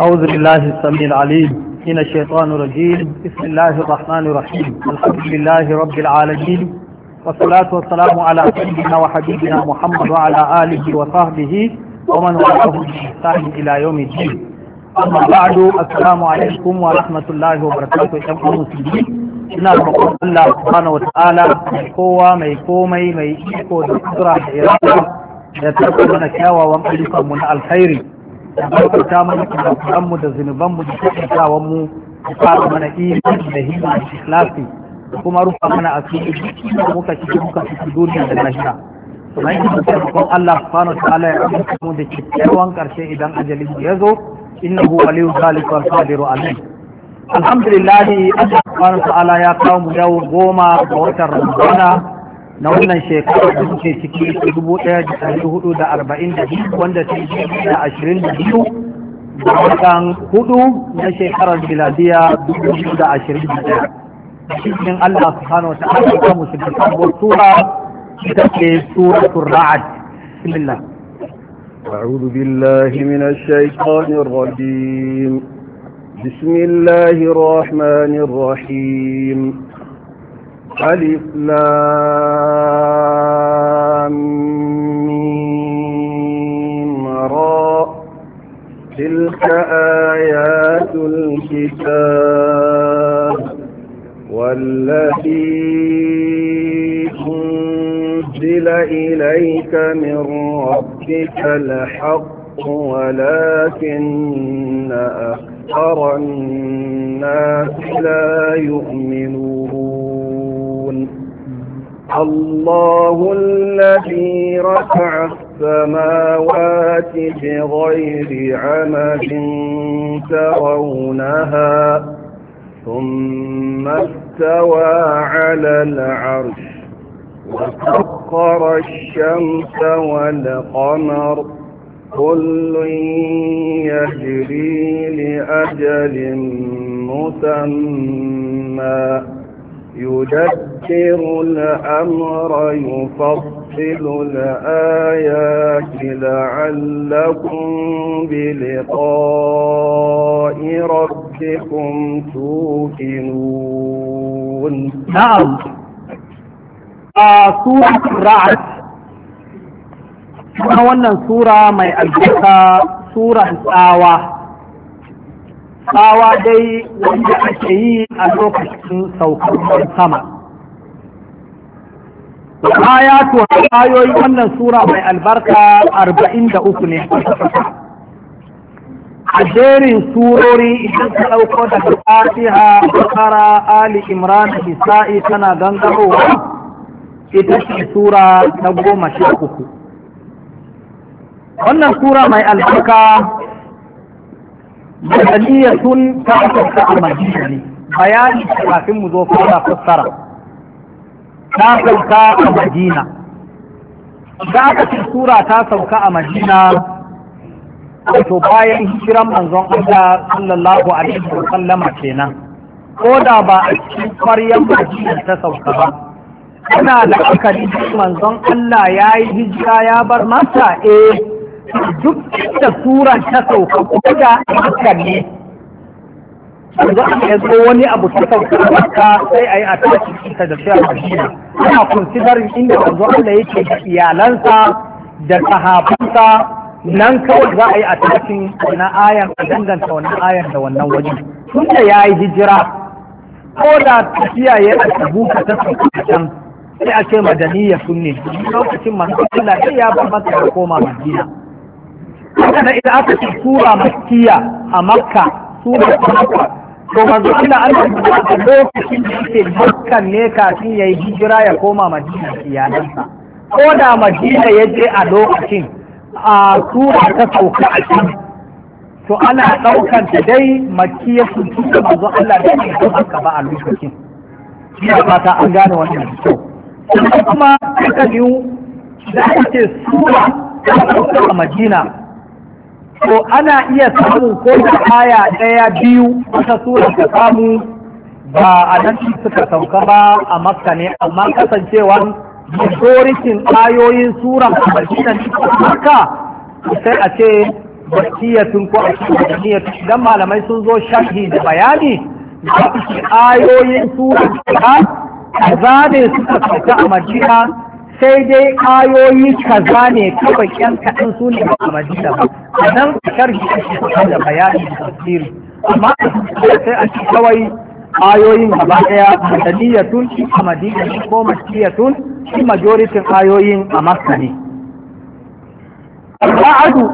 أعوذ بالله السميع العليم من الشيطان الرجيم بسم الله الرحمن الرحيم الحمد لله رب العالمين والصلاة والسلام على سيدنا وحبيبنا محمد وعلى آله وصحبه ومن وعده بإحسان إلى يوم الدين أما بعد السلام عليكم ورحمة الله وبركاته يا المسلمين ina roƙon Allah subhanahu wataala mai kowa mai komai mai iko da من da da barkuta mana mu da zunubanmu da mu. da fara mana imani da himma da ikhlasi da kuma rufa mana asiri da muka ci muka ci duniya da lahira kuma yin da taimakon Allah subhanahu ta'ala ya rubuta mu da kyakkyawan karshe idan ajalin ya zo innahu waliyu zalika al qadiru alayh alhamdulillah Allah subhanahu ta'ala ya kawo mu yau goma ga watan Ramadana na wannan shekara da suke ciki su dubu ɗaya da ɗari hudu da arba'in da biyu wanda ta yi da ashirin da biyu da watan hudu na shekarar biladiya dubu biyu da ashirin da ɗaya cikin Allah subhanahu wa ta'ala ta musulmi sabuwar sura ita ce suratul ra'ad bismillah أعوذ بالله من الشيطان الرجيم بسم الله الرحمن الرحيم ألف لام را تلك آيات الكتاب والتي أنزل إليك من ربك الحق ولكن أكثر الناس لا يؤمنون الله الذي رفع السماوات بغير عمد ترونها ثم استوى على العرش وسخر الشمس والقمر كل يجري لأجل مسمى يدبر يدبر الأمر يفصل الآيات لعلكم بلقاء ربكم توقنون نعم آه، سورة الرعد كما ولن سورة ما يألقى سورة الآوة Tsawa dai wanda ake yi a lokacin saukar sama. ayatu ayoyi wannan sura mai albarka arba'in da uku ne a jerin surori idan ka ɗauko da fatiha bakara ali imran isa'i tana gangarowa ita ce sura na goma sha uku wannan sura mai albarka da madaniyatun ta ta a ne bayani kafin mu zo fara fassara ta sauka a madina da aka ce sura ta sauka a madina wato bayan hijiran manzon Allah sallallahu alaihi wa sallama kenan ko da ba a cikin kwaryan madina ta sauka ba ana da akali manzon Allah ya yi hijira ya bar mata, eh duk da sura ta sauka ko da akali za a iya zo wani abu ta sauka a sai a yi a tashi ta da shi a madina ana considering inda wanzu Allah yake da iyalansa da sahabansa nan kawai za a yi a tashin wannan ayan a danganta wannan ayan da wannan waje tun da ya yi hijira ko da tafiya ya a tabuka ta sauka a can sai a ce madaniya sunne lokacin masu Allah sai ya ba masa ya koma madina haka na idan aka ci sura makkiya a makka sura makka to manzo ina Allah a lokacin da yake dukkan ne kafin yi hijira ya koma Madina iyalansa ko da Madina ya je a lokacin a tura ta sauka a cikin to ana ɗaukan ta dai makiyar su tuka manzo Allah da ke so aka ba a lokacin ina fata an gane wannan kyau kuma suka biyu da ake sura ta a Madina to ana iya samu ko da aya ɗaya biyu wata sura ta samu ba a nan suka sauka ba a makka ne amma kasancewa majoritin ayoyin sura a madina ne makka sai a ce bakiyatun ko a cikin dan malamai sun zo sharhi da bayani ayoyin sura ta ne suka sauka a madina sai dai ayoyi kaza ne kawai yan kaɗan su ne a madina ba a nan shi ake da bayani da tafsiri amma sai a kawai ayoyin gaba ɗaya madaniyatun shi a madina shi ko tun shi majoritin ayoyin a makka ne ba'adu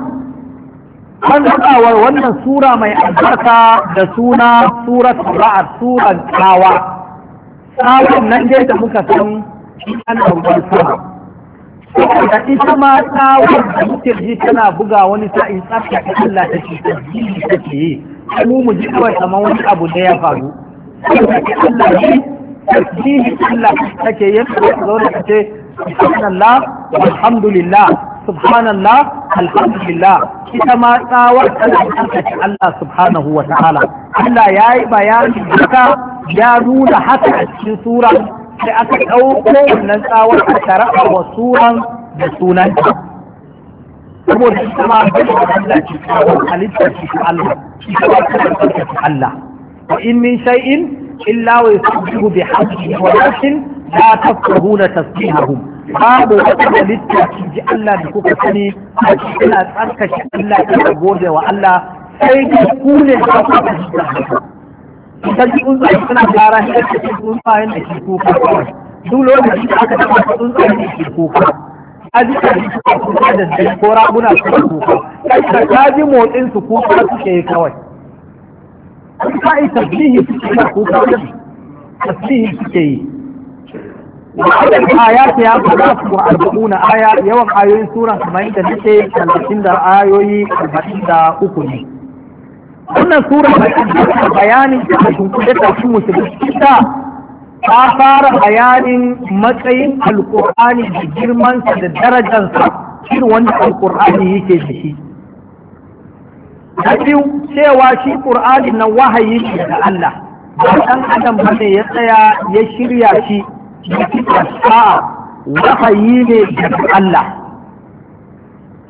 an haɗawar wannan sura mai albarka da suna surat ra'ad suran tawa tsawon nan dai da muka san ana walfara saboda ita ma ta wanda ji tana buga wani sa'in tsafta Allah ta ce ta ji ta ce yi mu mu ji kawai wani abu da ya faru Allah ji tasbihi Allah take yin zo da ce subhanallah walhamdulillah subhanallah alhamdulillah ita ma tsawar ta ce Allah subhanahu wa ta'ala Allah yayi bayani haka ya nuna haka a cikin sura sai aka ɗauko wannan tsawon a shara'a wa sunan da sunan ta saboda ita ma ba da Allah ci tsawon halittar shi ta Allah shi kawai kuma tsarkake Allah wa in min shay'in illa wa yusabbihu bihamdihi walakin la tafqahuna tasbihahum babu wata halitta ki ji Allah da kuka sani a cikin tsarkake Allah da gode wa Allah sai ku ne da kuka ji sarki tsuntsaye suna gyara shi ake cikin tsuntsayen da ke kuka duk lokacin da aka taɓa ta tsuntsayen da ke kuka ka ji suka kuka da zai ko raguna suka kuka ka ka ji motsin su kuka suke yi kawai ka yi tasbihi suke yi kuka tasbihi suke yi wa'adar aya ta ya fara su wa arba'una aya yawan ayoyin sura kamar yadda nake talatin da ayoyi arba'in da uku ne wannan sura mai ɗauke bayanin da a tunkuɗe tashin musulunci ta ta fara bayanin matsayin alƙur'ani da girmansa da darajansa irin wanda alƙur'ani yake da shi biyu cewa shi ƙur'ani na wahayi ne da Allah ba ɗan adam ba ne ya tsaya ya shirya shi da fita sa'a wahayi ne da Allah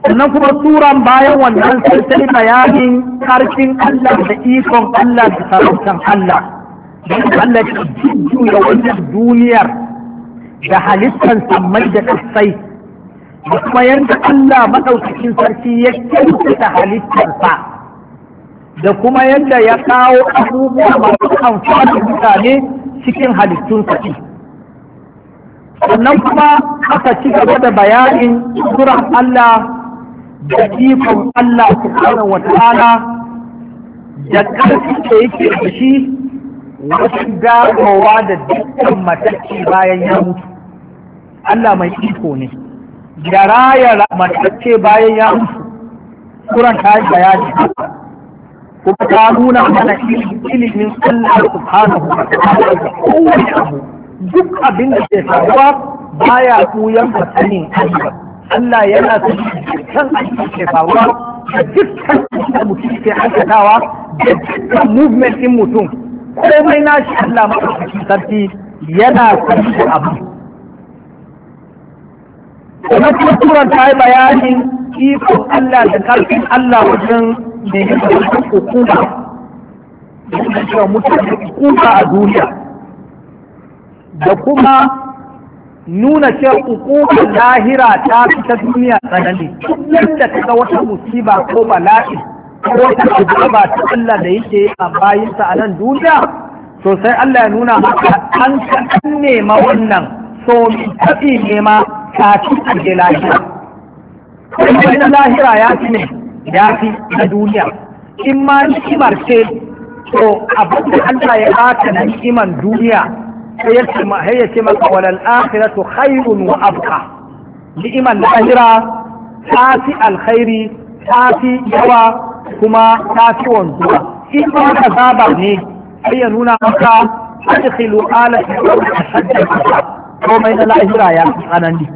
sannan kuma turan bayan wannan sai bayanin karfin Allah da ikon Allah da sarautar Allah don Allah ya jujjuya wannan duniyar da halittar samai da kasai da kuma yadda Allah maɗaukakin sarki ya kyautata halittarsa da kuma yadda ya kawo abubuwa masu amfani mutane cikin halittun sarki. sannan kuma aka ci gaba da bayanin suran Allah da ikon Allah subhanahu wata'ala da ƙarfi da yake da shi wasu dawowa da dukkan matacce bayan ya mutu Allah mai iko ne da raya matacce bayan ya mutu kuran ta yi bayani kuma ta nuna mana ilimin Allah subhanahu wata'ala da kowane abu duk abin da ke faruwa baya koyan ka sanin Allah yana son dukkan aikin ke faruwa da dukkan da mutum ke aikatawa da dukkan movement ɗin mutum komai na shi Allah mafi sarki yana son da abu. Kuma kuma turan ta yi bayanin ikon Allah da karfin Allah wajen mai hikimar hukuma da kuma mutane hukuma a duniya da kuma nuna ce hukumar lahira ta ta duniya tsanani yadda ta ga wata musiba ko bala'i ko wata ba ta Allah da yake a bayinsa a nan duniya sosai sai Allah ya nuna maka an ka nema wannan so mi tafi nema kafin a je lahira kuma lahira ya fi ne ya fi na duniya in ma kimar ce to abin da Allah ya baka na ni'imar duniya هي كما الآخرة خير وأبقى لإما الآخرة تاتي الخير تاتي يوى كما تاتي وانزوى إذا تذابر هي نونا مكا تدخل آلة أشد إن الآخرة يا سبحانني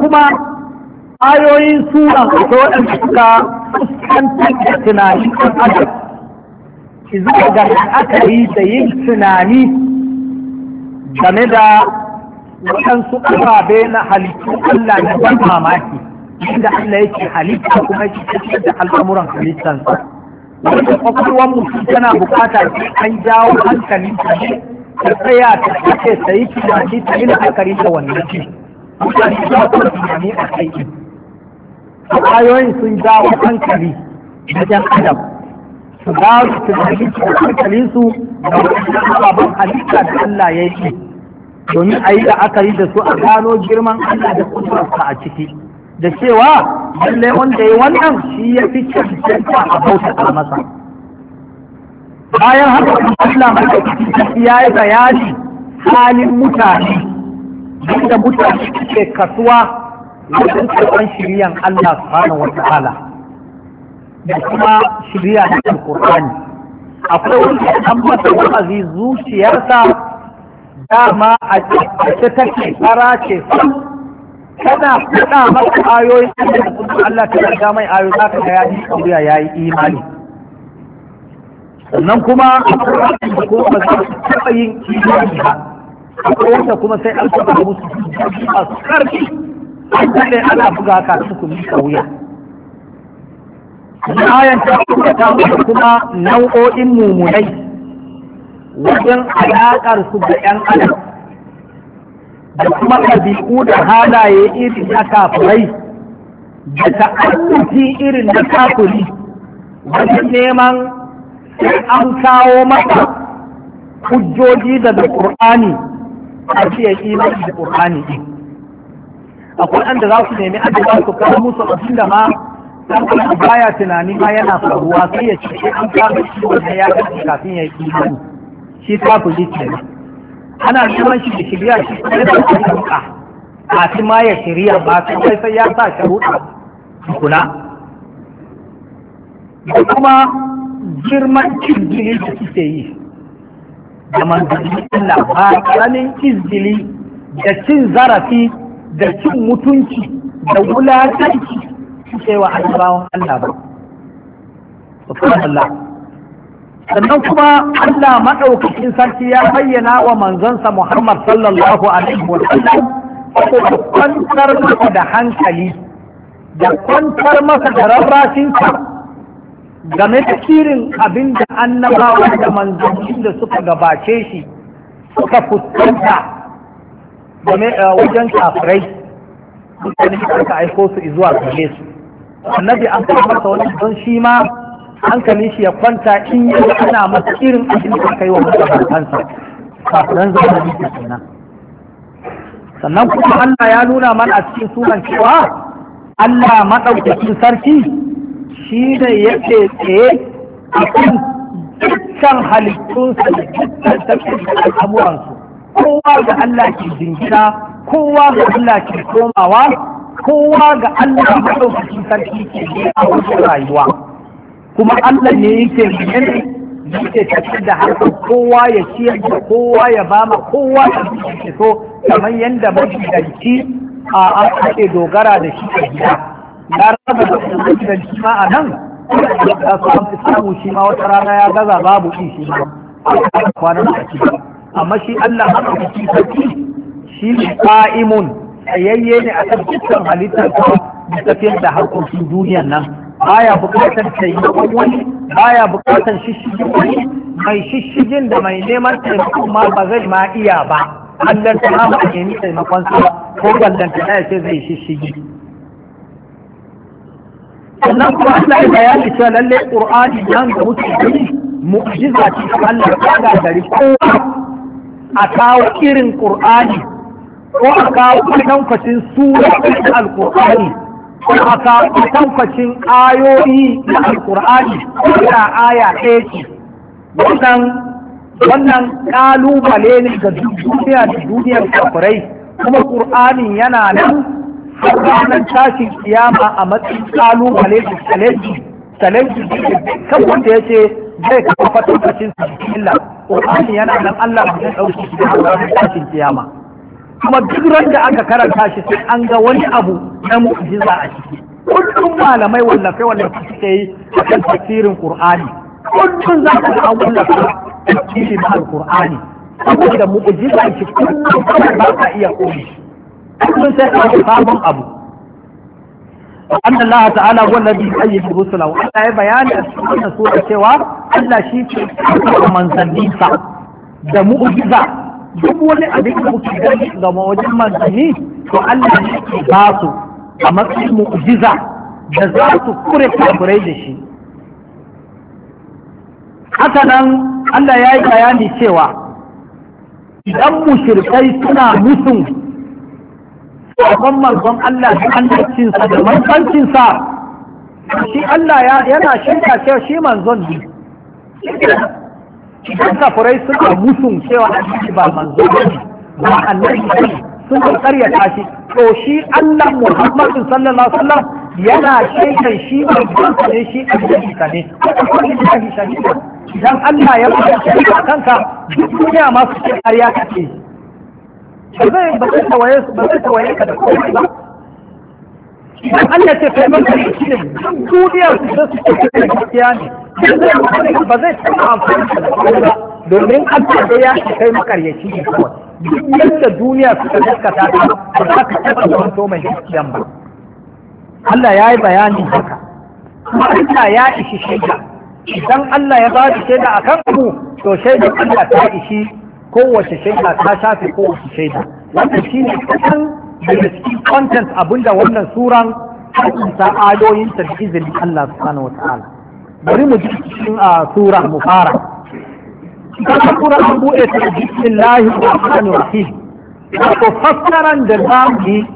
kuma ayoyin sura da waɗanda suka fuskantar da tunanin ɗan adam zuwa ga yi da yin tunani game da waɗansu ababe na halittu Allah na ban mamaki inda Allah yake halitta kuma yake da al'amuran halittansa wanda kwakwalwar mutum tana bukata an jawo hankali ta tsaya ta kace ta yi tunani ta yi la'akari da wannan ce mutane za su tunani a kai ayoyin sun jawo hankali wajen adam su ba su tunanin su hankalin su da wadannan ababen halitta da Allah ya yi domin a yi da aka yi da su a gano girman Allah da kusurarsa a ciki da cewa lalle wanda ya wannan shi ya fi cancanta a bauta masa bayan haka Allah mai ya yi bayani halin mutane da mutane ke kasuwa wajen karɓar shiriyan Allah subhanahu wa ta'ala da kuma shirya da alkur'ani akwai wanda an masa wa'azi zuciyarsa dama a ce take fara ce kana faɗa masa ayoyin da kuma Allah ta ga mai ayoyi za ka ga ya yi shirya imani sannan kuma ko ba za taɓa yin imani ba akwai wanda kuma sai an taɓa musu a karfi an daɗe ana buga ka su kuma wuya ayan ta kuma ta kuma nau'o'in mumunai wajen alaƙar su da ƴan adam da kuma ɗabi'u da halaye irin na kafirai da ta'adduki irin na kafiri wajen neman sai an kawo masa hujjoji daga ƙur'ani a fiye imani da ƙur'ani ɗin akwai an da za su nemi an da za su kawo musu abin da ma dan baya tunani ma yana faruwa sai ya ce an kama shi wannan ya kace kafin ya yi imani shi ta ku ji kenan ana neman shi da shirya shi sai da shari'a kafin ma ya shirya ba sai sai ya sa sharuɗa kula da kuma girman cin izgili da suke yi da manzannin Allah ba ƙaramin izgili da cin zarafi da cin mutunci da wulatanci cewa wa annabawan Allah ba Allah, sannan kuma Allah madaukakin sarki ya bayyana wa manzansa Muhammad sallallahu alaihi wa sallam ko kwantar masa da hankali da kwantar masa da rarrashinsa game da irin abin da annabawa da manzannin da suka gabace shi suka fuskanta game eh, wajen kafirai mutane da aka aiko su zuwa gare su annabi an kai masa wani don shi ma hankalin shi ya kwanta in yi ana masa irin abin da kai wa mutanensa don zama kenan sannan kuma Allah ya nuna mana a cikin sunan cewa Allah maɗaukakin sarki shi ne yake tsaye a kan dukkan halittunsa da sarki da al'amuransu kowa ga Allah ke jingina kowa ga Allah ke komawa kowa ga Allah maɗaukaki sarki ke ne a wajen rayuwa kuma Allah ne yake ne yake tafi da harkar kowa ya ciyar da kowa ya bama kowa ya ke so kamar yadda majidanci a an ake dogara da shi a gida ya raba da majidanci ma a nan ya su an fi samu shi ma wata rana ya gaza babu shi shi ma kwanan a ciki amma shi Allah maɗaukaki sarki shi ne ƙa'imun tsayayye ne a kan dukkan halittar ta da tafiyar da harkokin duniyar nan baya bukatar taimakon wani baya bukatar shishigin wani mai shishigin da mai neman taimakon ma ba zai ma iya ba Allah ta hama a nemi taimakon sa ko ballanta na ya ce zai shishigi sannan kuma Allah ya bayani cewa lalle Qur'ani nan da muke gani mu'jiza ce Allah ya ga gari a kawo irin Qur'ani ko a kawo kwatankwacin suratun alkur'ani ko a kawo kwatankwacin ayoyi na alkur'ani da aya ɗaya ce wannan wannan kalubale ne ga duniya da duniyar kafirai kuma ƙur'anin yana nan ranar tashin kiyama a matsayin kalubale da salaji salaji kan wanda ya ce zai kafa fatokacin sa Allah ƙur'ani yana nan Allah ba zai ɗauki shi da tashin kiyama kuma duk ran da aka karanta shi sai an ga wani abu na mu'jiza a ciki kullum malamai wallafe wallafe suke yi a kan tafsirin qur'ani kullum za ka ga an wallafa tafsirin na alqur'ani saboda mu'jiza shi kullum kawai ba ka iya koyi kullum sai ka ga sabon abu أن الله تعالى هو الذي يؤيد رسله وأن بيان أن سورة سوى أن شيء من ذنبه da mu'jiza duk wani abin da kuke gani ga mawajin manzanni to Allah ne ke ba su a matsayin mu'jiza da za su kure kafirai da shi haka nan Allah ya yi bayani cewa idan mushrikai suna mutum sabon manzon Allah da annabcinsa da manzancinsa shi Allah yana shirka cewa shi manzon ne idan sun suna musun cewa annabi ba manzo bane ba annabi ba sun karyata shi to shi Allah Muhammadu sallallahu alaihi wasallam yana shaidan shi manzon ne shi annabi shi ne idan Allah ya shi shaidan kanka duk duniya ma su ce ƙarya kake ba zai ba zai tawaye ba zai tawaye ka da komai ba idan Allah ya ce kai manzon shi ne duk duniya su ce gaskiya ne ba zai taɓa amfani da komai ba domin Allah da ya kai makaryaci ne kawai duk yadda duniya suka gaskata ta ba za ka taɓa zamanto mai gaskiyan ba Allah ya yi bayanin haka kuma Allah ya ishi shaida idan Allah ya ba da shaida a kan ku to shaida Allah ta ishi kowace shaida ta shafe kowace shaida wannan shine kasan da cikin content abinda wannan suran ta ayoyinta da izinin Allah subhanahu wa ta'ala bari mu ji cikin a ah, sura mu fara kaga sura an buɗe ta bismillahi rahmanir rahim wato fassaran da mu yi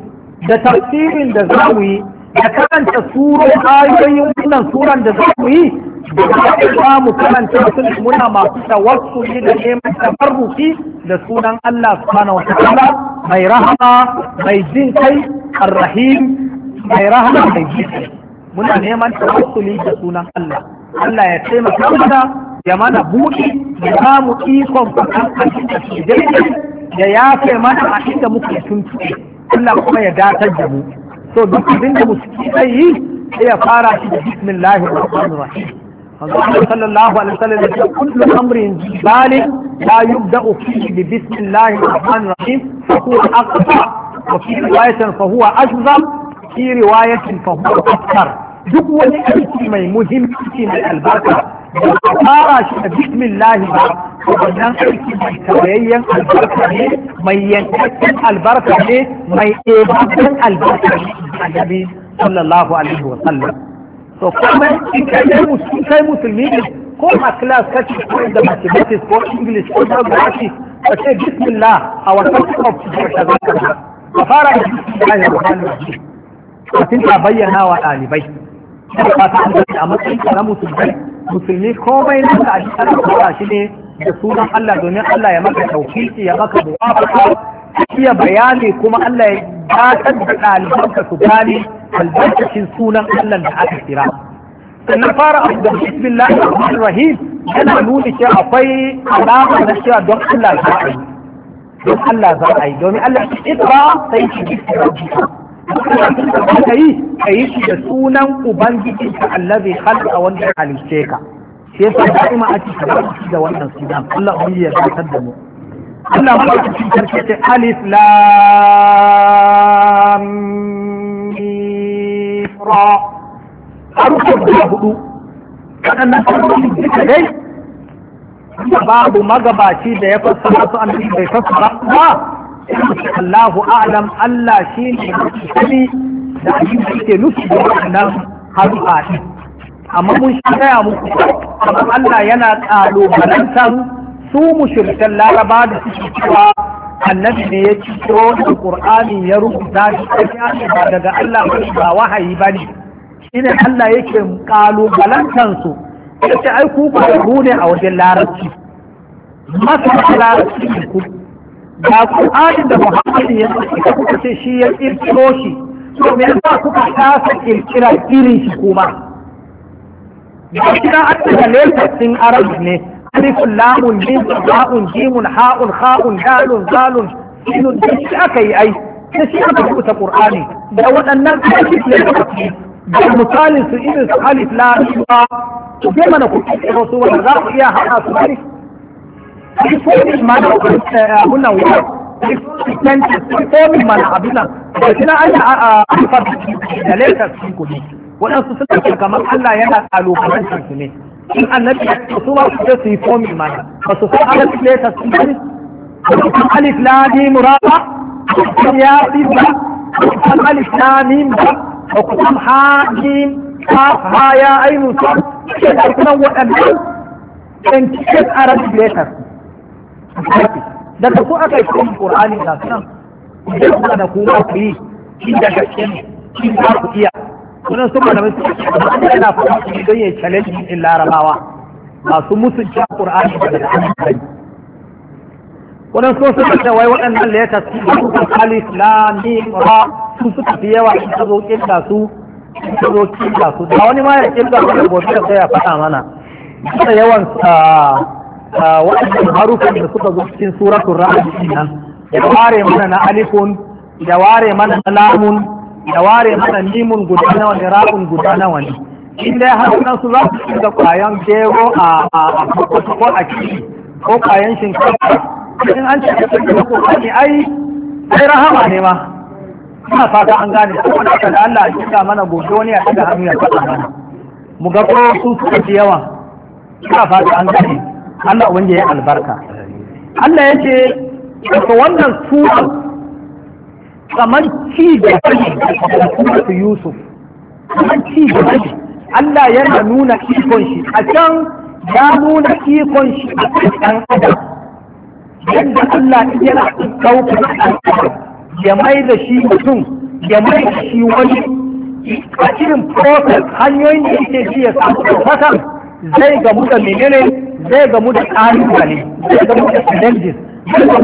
da tafsirin da mu yi da karanta suro ayoyin wannan suran da mu yi da za mu karanta su muna masu yi da neman tabarruki da sunan Allah subhanahu wataala mai rahama mai jin kai arrahim mai rahama mai jin kai muna neman tawassuli da sunan Allah Allah ya taimaka mana ya mana buɗe, mu ba mu ikon faɗan abin da ke daidai ya yafe mana a inda muke tuntuɓe Allah kuma ya datar da mu to duk abin da musulmi zai yi sai ya fara shi da bismillahir rahmanir rahim manzo Allah sallallahu alaihi wasallam ya ce kullu amrin jibali la yubda'u fihi bi bismillahir rahmanir rahim fa huwa aqsa wa fi riwayatin fa huwa ajzam في رواية فهو أكثر duk wani aiki mai muhimmanci mai albarka da ba fara shi da bismillah ba wannan aiki mai tawayayyen albarka ne mai yankakken albarka ne mai ɗebakken albarka ne annabi sallallahu alaihi wa sallam to kuma in kai musulmi ne ko a class kace ko da mathematics ko english ko geography ka ce bismillah a wata of ka fara da bismillah ya rahmanu rahim kafin ta bayyana wa ɗalibai da ba ta amince a matsayin na musulmi musulmi komai na ka ji ana fara shi ne da sunan Allah domin Allah ya maka tawfiki ya maka muwafaqa iya bayani kuma Allah ya dakatar da ɗalibanka su gane albarkacin sunan Allah da aka kira sannan fara abu da bismillah rahman rahim yana nuna cewa akwai alama na cewa don Allah za a yi don Allah za a yi domin Allah ya ikra sai ki bismillah ka yi ka yi shi da sunan ubangiji ka allazi a wanda halice ka shi yasa da'ima ake shi da wannan sunan Allah ubangi ya gasar da mu Allah ba ki cikin ta alif lam ra harkar da hudu kadannan harkokin duka dai babu magabaci da ya fassara su annabi bai fassara ba Allahu a'lam Allah shi ne kali da abin da yake nufi da wannan haruka ne amma mun shi gaya muku amma Allah yana kalubalantar su mushrikan Laraba da suke cewa annabi ne ya ciro da Qur'ani ya rubuta shi ba daga Allah ba wahayi bane shine Allah yake kalubalantar su yace ai ku ba ne a wajen larabci masa larabci ku ga Qur'anin da Muhammad ya saka kuka shi ya kirkiro shi to me yasa kuka kasa kirkira irin shi kuma da kira an daga sun Arab ne alif lamun min ba'un jimun ha'un kha'un dalun zalun sinun shi aka yi ai da shi aka rubuta Qur'ani da waɗannan ayyukan da misalin su irin su alif lam ra to mana ku kirkiro su wanda za ku iya haɗa su alif reformin ma da abunan wuta reformin ma na abunan da shi ana a alfarfi da laifar su kuɗi waɗansu suna ke kamar Allah yana kalubalantar su ne in annabi su ma su je su yi fomin ma ba su san alif laifar su ne ba su san alif lami muraba ba su san yafi ba ba su san alif lami ba ba ku san hajim ha ha ya ainu sa ke da kuma waɗannan 28 Arab letters da ku aka yi Qur'ani da sunan idan kuma da kuma ku yi shi da gaske ne shi za ku iya sunan sun malamai su ba amma yana faɗa shi don ya challenge in larabawa masu a Qur'ani da da hankali wannan so su ce wai waɗannan da ya tafi da alif la mim ra su suka fi yawa in ka zo kinda su ka zo kinda su da wani ma ya su da gobe da ya faɗa mana da yawan ah, waɗannan harufan da suka zo cikin suratun ra'adi nan ya ware mana na alifun ya ware mana na lamun ya ware mana nimun guda nawa ra'un guda nawa ne in dai harunan su za su da kwayan gero a ko a ko ƙwayan shinkafa ce ko ai ai rahama ne ma ina fata an gane kuma da Allah ya gobe wani ya hannu ya mana mu ga ko suka ina fata an gane Allah wanda ya albarka Allah ya ce daga wannan sura kamar ci da suratu Yusuf kamar ci da Allah yana nuna ikon shi a can ya nuna ikon shi a kan adam yadda Allah yana ɗaukar al'adar ya mai da shi mutum ya mai da shi wani a cikin process hanyoyin da yake shi ya samu ɗaukaka zai gamu da menene zai gamu da ƙalubale zai gamu da challenges da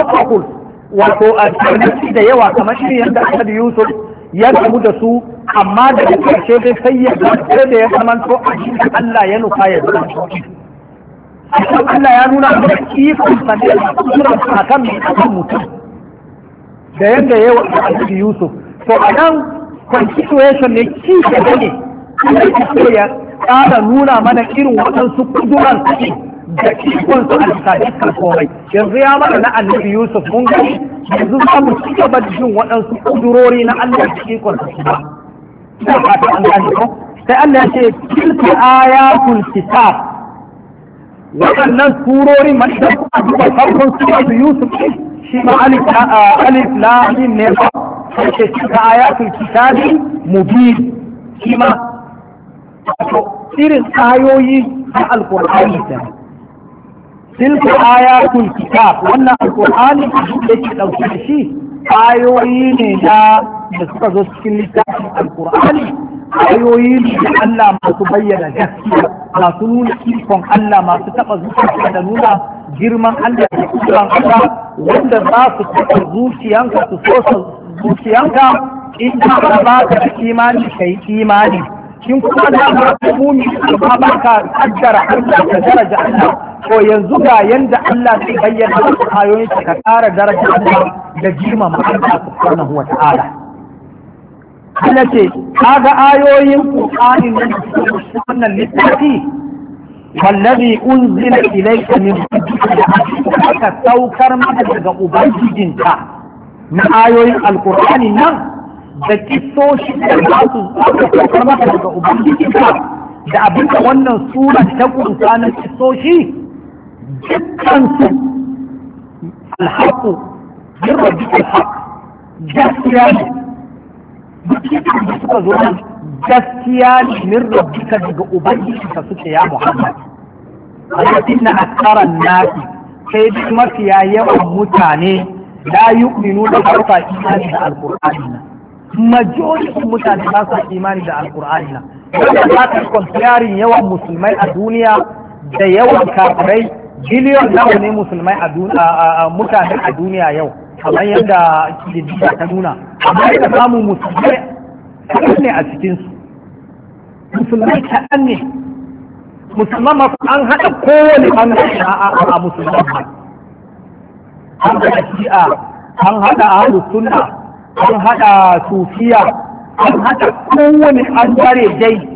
obstacles wato a challenges da yawa kamar shi yadda Ahmad Yusuf ya gamu da su amma da karshe dai sai ya sai da ya zamanto a cikin Allah ya nufa ya zamanto Akan Allah ya nuna da ikon sanar da sura a kan mutum da yadda ya wa Ahmad Yusuf to a nan constitution ne kishi da ne Allah ya ƙara nuna mana irin waɗansu kuduran su da ikon su a bisa yanzu ya mana na annabi yusuf mun gani yanzu za mu ci gaba da jin waɗansu kudurori na allah da ikon su ba sai allah ya ce tilka ayatul kitab waɗannan surorin man da suka duba farkon suratu yusuf shi ma alif alif lam ne ba sai tilka ayatul kitab mubin shi ma irin ayoyi na alkur'ani da tilka ayatul kitab wannan alkur'ani da ke dauke da shi ayoyi ne na da suka zo cikin littafin alkur'ani ayoyi ne da Allah masu bayyana gaskiya masu nuna ikon Allah masu taba zuciya da nuna girman Allah da kusuran Allah wanda za su taba zuciyanka su so zuciyanka in ka ba ka imani kai imani in kuma za mu rafi mumi ba ba ka kaddara Allah da daraja Allah Ko yanzu ga yanda Allah zai bayyana wasu ayoyin ka kara daraja Allah da girmama Allah subhanahu wa ta'ala Allah ce kaga ayoyin Qur'ani ne wannan littafi wallazi unzila ilayka min rabbika ka saukar mana daga ubangijinka na ayoyin alqur'ani nan da kisoshi da za su tsakar maka daga ubangijinka da abinda wannan sura ta kunsa na kisoshi dukkansu alhaku yin rabi alhaq gaskiya ne dukkan da suka zo nan gaskiya ne min rabbika daga ubangijinka suke ya muhammad walakin na asaran nasi sai duk mafiya yawan mutane la yu'minu da harfa imani da alqur'ani majority mutane ba su imani da alkur'ani na wanda za ka kwamfiyarin yawan musulmai a duniya da yawan kafirai biliyon nawa ne musulmai a mutane a duniya yau kamar yadda kididdiga ta nuna amma ina samun musulmai kaɗan ne a cikinsu musulmai kaɗan ne musulman ma an haɗa kowane ɓangare a musulman an haɗa shi'a an haɗa ahlus sunna an haɗa sufiya an haɗa kowane an ɓangare dai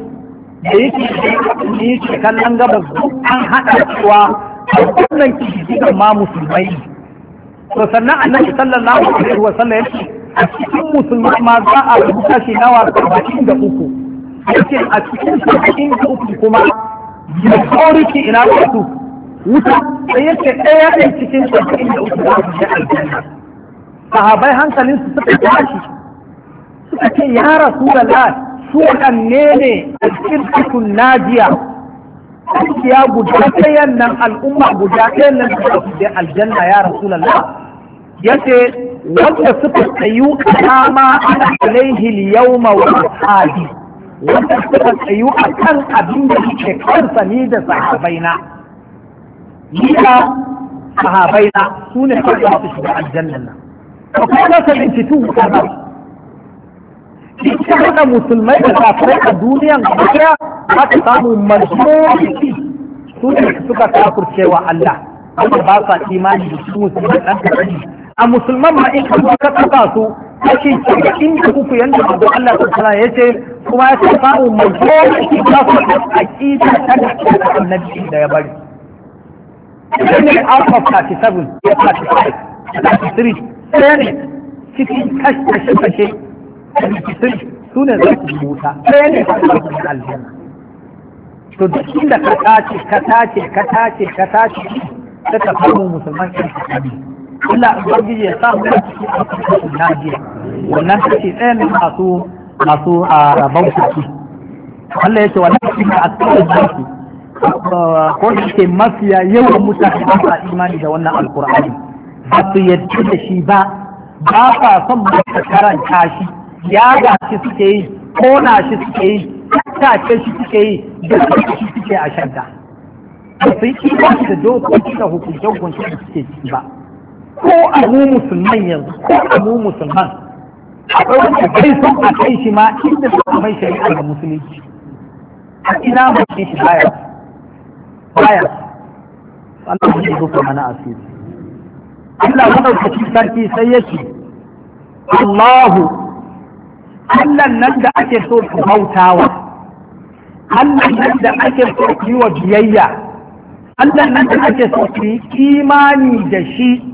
da yake da yake kallon gabas an haɗa cewa wannan kishi ma musulmai to sannan annabi sallallahu alaihi wa sallam yake a cikin musulmai ma za a rubuta shi nawa saba'in da uku yake a cikin saba'in da uku kuma tsoriki ina wasu wuta sai yake ɗaya ɗin cikin saba'in da uku za su je aljanna sahabai hankalin su suka tashi suka ce ya rasulullah su wadanne ne na najiya ya guda ɗayan nan al'umma guda ɗayan nan suka fi aljanna ya Ya yace wanda suka tsayu kama alaihi al-yawma wa ashabi wanda suka tsayu akan abin da yake kansa ni da sahabaina ni da na, su ne suka su shiga aljannan nan akwai nasa institute a haɗa musulmai da kafirai a duniyan gaskiya aka samu majority su ne suka kafurce wa Allah ba sa imani da su musulmai ɗan karami a musulman ma in kuma ka taɓa su kashi saba'in da uku yanda abu Allah ta sana ya ce kuma ya samu majority kafirce a ƙida ta da annabi da ya bari. Ini out of 37, 35, 33, ɗaya ne cikin kashe-kashe da rikicin su ne za su wuta ɗaya ne a cikin aljanna to duk inda ka tace ka tace ka tace ka tace ta ka samu musulman kan kitabi Allah ubangiji ya samu da cikin alƙur'ani najiya wannan kace ɗaya ne masu masu a rabautu Allah ya ce wannan cikin a cikin jiki ko da ke mafiya yawan mutane ba imani da wannan alkur'ani ba su yadda da shi ba ba sa son mata karanta shi ya ga shi suke yi kona shi suke yi tattace shi suke yi da shi suke a shanta ba su yi imani da dokoki da hukuncin hukunce da suke ciki ba ko a mu musulman yanzu ko a mu musulman a ɗaukar kai sun a kai shi ma inda su yi shari'a da musulunci a ina mai shi baya baya Allah ya zo mana asiri Allah madaukakin sarki sai yake Allahu Allah nan da ake so ku bautawa Allah nan da ake so ku yi wa biyayya Allah nan da ake so ku yi imani da shi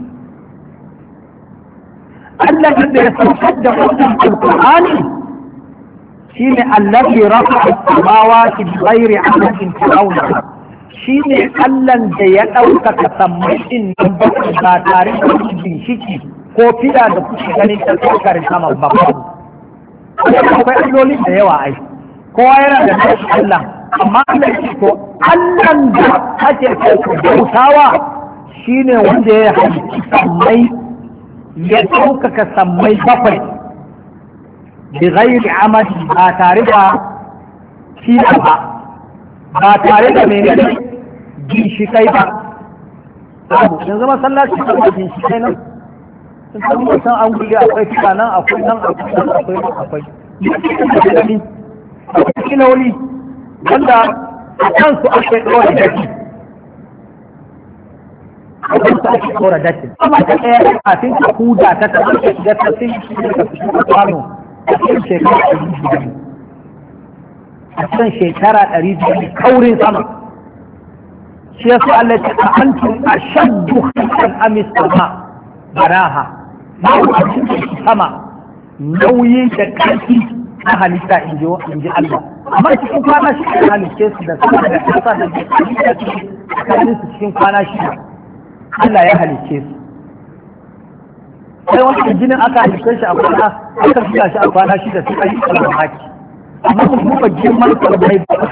Allah nan da ya saukar da wannan alƙur'ani shine Allah ya rafa as-samawati bi ghairi amalin fir'auna shi ne allan da ya ɗaukaka sammashin nan bakwai ba tare da shiki ko fiɗa da kuke ganin ta tsakar saman bakwai akwai alloli da yawa ai kowa yana da nashi allah amma allah shi to allan da kake bautawa shi ne wanda ya halitta sammai ya ɗaukaka sammai bakwai bi ghairi amali ba tare da ba ba tare da menene ginshikai ba yanzu masallaci ta ba ginshikai nan sun san mutum an guri akwai kira nan akwai nan akwai nan akwai nan akwai na wani wanda a kansu akwai ɗora daki a kansu ake ɗora daki amma ta ɗaya kafin ka huda ta ta ake shiga ta sun yi shiga ka fito da kwano a cikin shekara ɗari biyu a cikin shekara ɗari biyu kaurin sama shi yasa Allah ta antum ashaddu khalqan am as-sama baraha ba ku cikin sama nauyi da karfi na halitta in ji in ji Allah amma cikin kwana shi ya halitta su da sama da kasa da cikin su cikin kwana shi Allah ya halitta su sai wani jinin aka halitta shi a kwana aka fi shi a kwana shi da suka yi kalmar haki amma kuma girman kalmar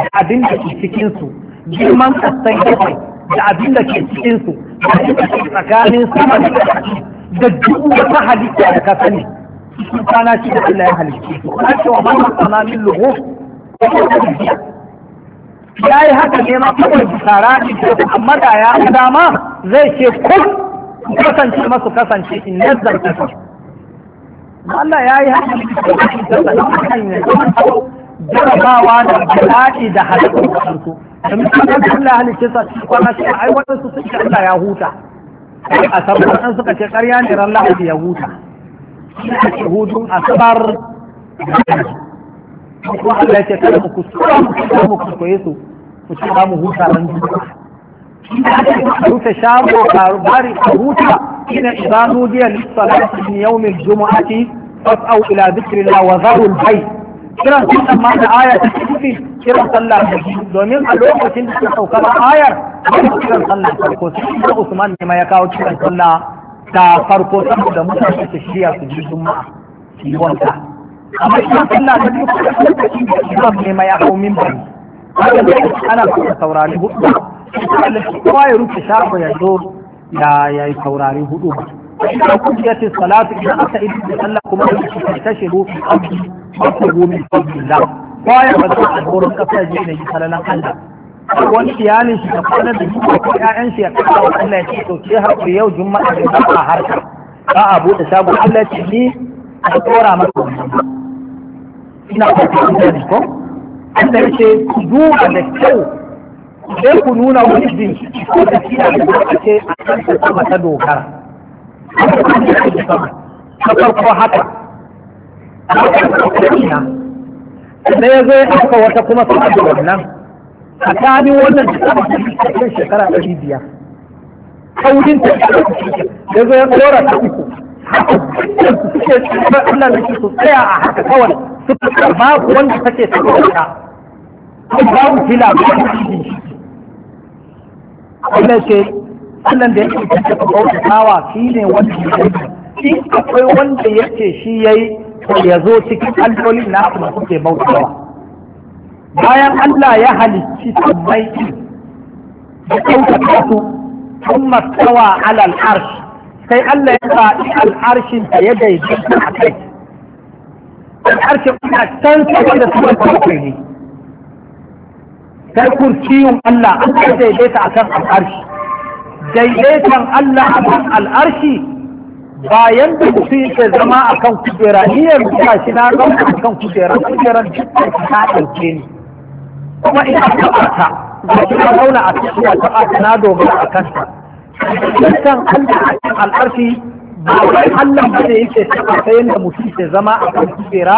da abin da ke cikin su girman kastan bakwai da abin da ke cikinsu da tsakanin sama da ƙasa da duk wata halitta da ka sani cikin kwana shi da Allah ya halitta Ko ana cewa ba mu sana min lugu ya yi haka ne ma kawai bisara ne amma da ya ga dama zai ce kun kasance masu kasance in nazar kasance Allah ya yi haka ne da kan jarabawa da bala'i da halakar wasu da mutanen da Allah halicce sa cikin kwana shi ai waɗansu sun ce Allah ya huta a sabar an suka ce ƙarya ne ran lahadi ya huta shi ake hutun asabar ko Allah ce kada mu kuskura mu kuskura mu kuskure su mu ce ba mu huta ran juma'a shi da ake rufe shago ka bari ka huta ina idanu diya lissalati min yawmil jumu'ati fas'au ila dhikrillah wa dharul bayt kiran sunan ma da aya ta ciki kiran sallah da biyu domin a lokacin da suka sauka ba ayar ba kiran sallah farko sai da Usman ne ma ya kawo kiran sallah ta farko saboda mutane su shiya su ji juma'a su yi wanka amma kiran sallah ta biyu kuma lokacin da Imam ne ma ya kawo minbari haka ne ana ka saurari hudu kowa ya rufe shafa ya zo ya yi saurari hudu ba فإذا قضيت الصلاة إذا أتى إلى الله كما تنتشروا في الأرض وابتغوا من فضل الله بايع وزع الغرب أفاجئ إليه صلى الله wani iyalin shi da kwanar da shi ko ƴaƴan shi ya kasa wa Allah ya ce to ke yau juma'a da ba a harka ba a buɗe shago Allah ce ni a tsora masa wannan ina fata da ko Allah ya ce ku duba da kyau sai ku nuna wani jinki ko da kiyar da a kan ta sama ta haka farko haka da ya zo ya aka wata kuma sama wannan a tsakanin wannan da sama da cikin shekara ɗari biyar kaurin ta ya zo ya tsora ta uku haka su suke tsara Allah da su tsaya a haka kawai suka babu wanda take tsara ta babu fila ba wannan ce Allah da yake da ka bautawa shi ne wanda yake shi akwai wanda ya yake shi yayi to ya zo cikin allolin na kuma suke bautawa bayan Allah ya halicci sammai da ɗaukaka su sun mastawa alal arsh sai Allah ya faɗi al'arshin ta ya daidaita a kai al'arshin ina can sai da suka kawai ne sai kurciyun Allah an daidaita a kan al'arshi daidaitan Allah a kan al'arshi bayan da yi yake zama a kan kujera niyyar ta shi na zama a kan kujera kujerar na ɗauke ni kuma ina taɓa ta da shi zauna a cikin ya taɓa na dogara a kanta daidaitan Allah a kan al'arshi ba wai Allah ba ne yake taɓa ta yadda mutum ke zama a kan kujera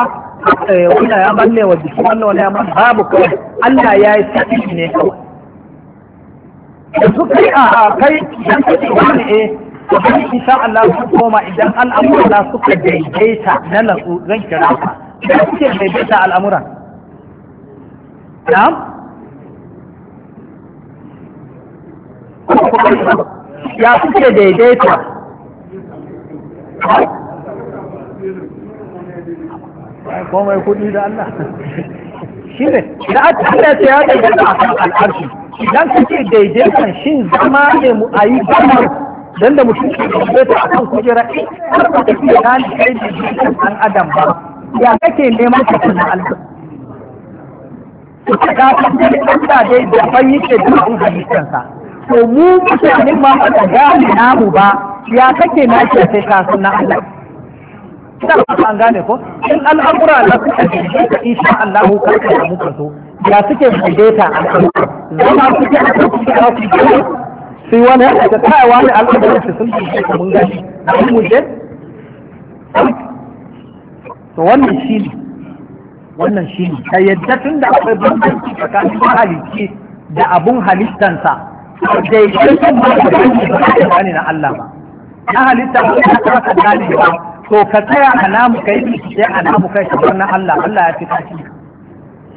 eh, wanda ya manne wa jiki wannan wani ya manne babu kawai Allah ya yi tafi ne kawai yanzu kai a kai idan ka ce wani eh wani insha Allah ku koma idan al'amura na suka daidaita na natsu zan kira ka ce suke daidaita al'amuran na'am ya suke daidaita komai kudi da Allah shi ne da aka ce ya daidaita a kan al'arshi idan ka ce daidaiton shin zama ne mu a yi zama don da mutum ke daidaita a kan kujera in eh, har ba ta fiye da kai daidaiton ɗan adam ba ya kake neman ka tuna Allah ka ga kan Allah dai da ban yake da abin halittarsa to mu mutane ma ba ta gane namu ba ya kake na ke sai ka na Allah da ba an gane ko in al'amura da suka Allah ka ka samu ya suke daidaita zama a cikin kawai sai wani ya ga kai wani al'amura su sun mun gani mu je to wannan shi ne wannan shi ne ka yadda tun da akwai bambanci tsakanin mahalicci da abun halittansa daidaiton ba ba da na Allah ba na halitta ba da ba to ka tsaya a namu ka yi sai a namu kai ka bar na Allah Allah ya fi kashi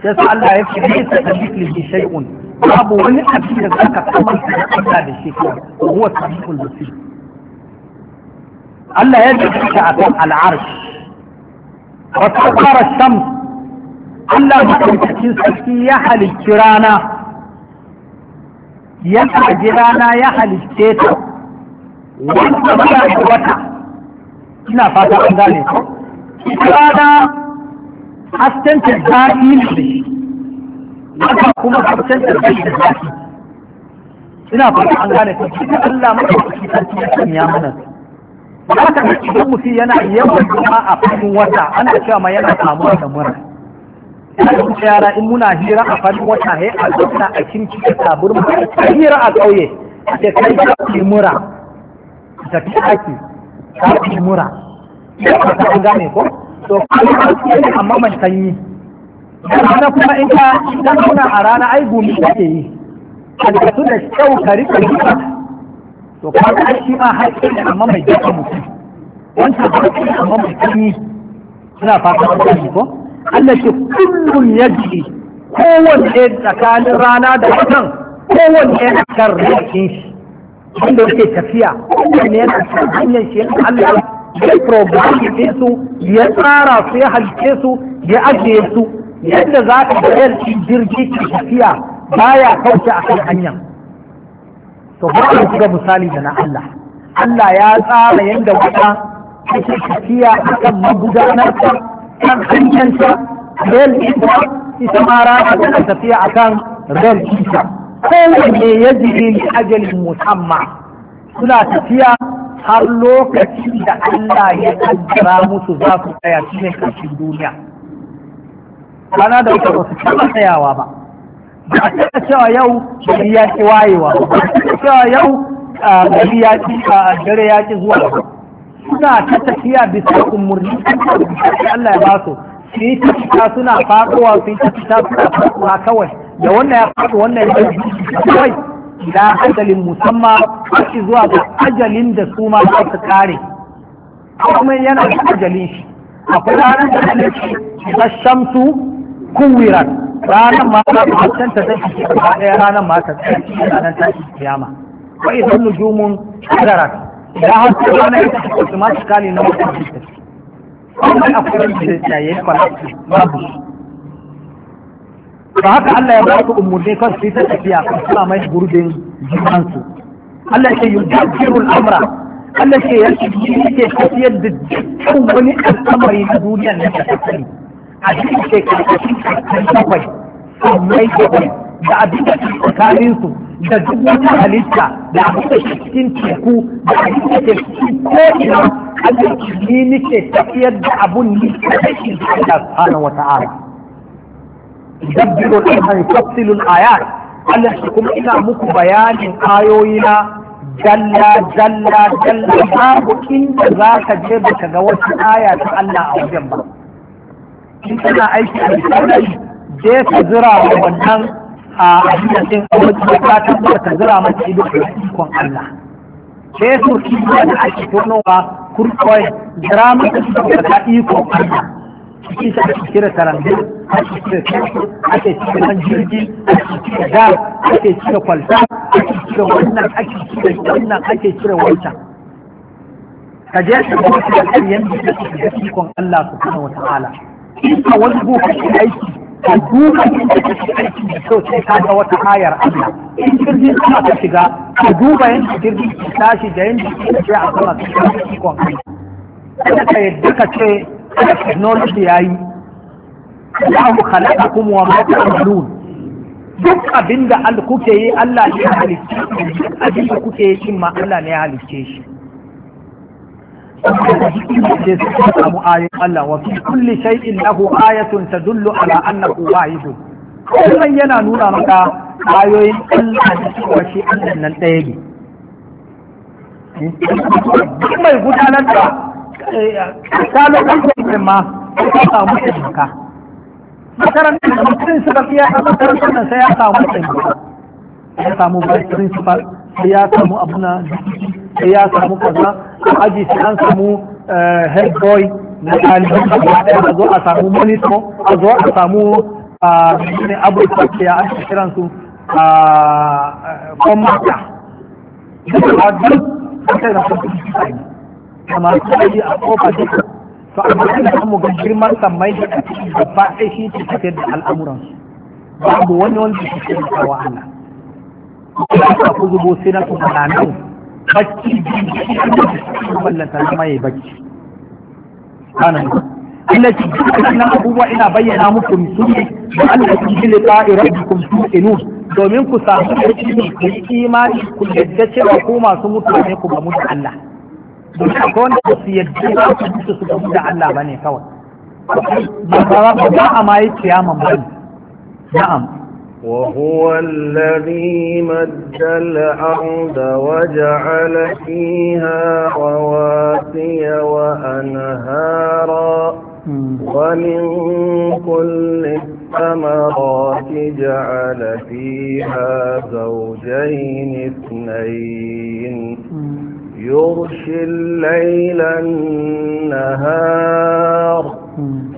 sai sa Allah ya fi ne sa tabikli bi shay'un babu wani abin da zaka kamanta da Allah da shi ko huwa tabikul basir Allah ya dace a kan al'arsh wa saqara shams Allah madaukakin sarki ya halicci rana ya halicci rana ya halicce ta wanda ba wata ina fata an gane ko hasken ta zafi ne haka kuma ta zafi ne zafi ina fata an gane ko cikin Allah maka kuki sarki ya sanya mana haka da idan mutum yana yawan zama a fadin wata ana cewa ma yana samuwa da mura Ina yara in muna hira a fannin wata he a zauna a kinci da mu. hira a ƙauye a kai ka mura da ta ta mura ta an gane ko to amma man sanyi na kuma in ka dan kuna a rana ai gumi kake yi alkatu da kyau ka rika rika to ka ga shi ma haƙƙi ne amma mai jaka mutum wancan haƙƙi ne amma mai sanyi suna fata an gane ko Allah ke kullum ya yajri kowanne tsakanin rana da watan kowanne a kan rikin shi wanda yake tafiya ne yana cikin hanyar shi Allah ya programme su ya tsara su ya halice su ya ajiye su yadda za ka bayar jirgi ke tafiya baya kauce a kan hanyar to ba a buga misali da na Allah Allah ya tsara yanda wata take tafiya akan kan kan hanyarta rel ita ita ma tafiya akan kan rel kowanne ya jiri li ajalin musamma suna tafiya har lokacin da Allah ya kaddara musu za su tsaya cikin ƙarshen duniya Bana da wata ba su tsayawa ba ba a taɓa cewa yau gari ya ki wayewa ba a cewa yau gari ya ki dare ya ki zuwa ba suna ta tafiya bisa umarni Allah ya ba su su yi ta suna faɗowa su yi ta suna faɗowa kawai da wannan ya faɗi wannan ya kawai Da ajalin musamma shi zuwa ga ajalin da su ma za su kare kuma yana da ajalin shi akwai ranar da ne shi ta shamsu kuwiran ranar ma ta hancanta ta shi ba ɗaya ranar ma ta tsaye ranar ta shi kiyama wa idan nujumun kadarat Da har ta ranar ita ta kuma su kali na mutum da ta shi kuma akwai da ya yi kwalafi babu ba haka Allah ya ba su umurni kan su ta tafiya kan su mai gurbin jimansu Allah ke yudabbiru al'amra Allah ke yake yake tafiyar da dukkan wani al'amari na duniyar da ta tafi a cikin shekarun bakwai sammai bakwai da abin da ke tsakanin su da duk wata halitta da abin da ke cikin teku da abin da ke cikin ko'ina Allah ke tafiyar da abun ni kadai shi yudabbiru al-amra yufassil al-ayat Allah shi kuma ina muku bayanin ayoyina dalla, dalla," dalla babu inda za ka je baka ga wata aya ta Allah a wajen ba in kana aiki a saurayi je ka zira wa wannan a hadisin aure ka tabbata ka zira mata ido da ikon Allah sai su kiyaye da ake tonowa kurkoi jira mata da ikon Allah cikin ta ake cire karambe ake cire kanku ake cire jirgi ake cire gas ake cire kwalta ake cire wannan ake cire wannan ake cire wancan ka je ka ga wasu kan yanda kake da ikon Allah subhanahu wataala in ka wani ka gobe aiki ka duba inda shi aiki da kyau sai ka ga wata ayar Allah in jirgin sama ka shiga ka duba yanda jirgin ka tashi da yanda ke tafiya a sama ka ga ikon Allah kada ka yadda ka ce technology ya yi Allah khalaqa kum wa ma ta'malun duk abinda Allah kuke yi Allah ne ya halicce shi abinda kuke yi ma Allah ne ya halicce shi sai su samu ayoyin Allah wa fi kulli shay'in lahu ayatun tadullu ala annahu wahid kuma yana nuna maka ayoyin Allah da cewa shi Allah nan ɗaya ne mai gudanar da kalo ɗan ma ka samu taimaka makarantar da principal ya samu makarantar nan sai ya samu taimaka ya samu vice principal sai ya samu abuna sai ya samu kaza aji sai an samu eh, head boy na ɗaliban da ya a zo a samu monitor a zo a samu abubuwa da ya ake kiran su a kwamata duk da duk da da masu yi a kofa duka to amma ina an ga girman sammai da cikin gaba ɗaya shi ke tafiyar da al'amuran su. babu wani wanda ke tafiyar da wa Allah kuma ka ku zubo sai na kuma na nan bacci ballanta na mai bacci anan Allah ki duka wannan abubuwa ina bayyana muku misali da Allah ki jile qa'i rabbikum tu'minun domin ku samu ku yi ku yadda cewa ku masu mutuwa ne ku ga mutu Allah kon وهو الذي مد الأرض وجعل فيها رواسي وأنهارا ومن كل الثمرات جعل فيها زوجين اثنين يغشي الليل النهار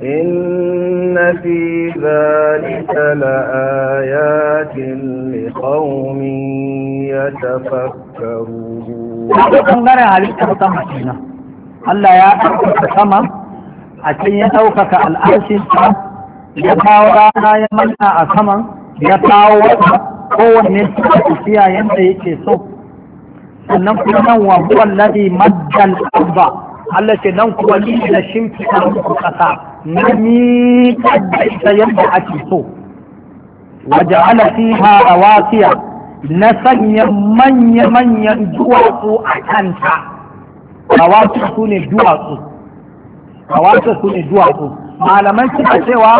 إن في ذلك لآيات لقوم يتفكرون Allah ya ɗaukaka sama a can ya ɗaukaka al'arshinsa ya kawo rana ya manna a saman ya kawo wata kowanne su tafiya yadda yake so sannan kuma nan wa huwa alladhi maddal ba. Allah ce nan kuwa ni da shin a muku kasa na mi kadda ita yadda ake so wa ja'ala fiha rawasiya na sanya manya manyan duwatsu a kanta rawasiya su ne duwatsu rawasiya su ne duwatsu malaman suka cewa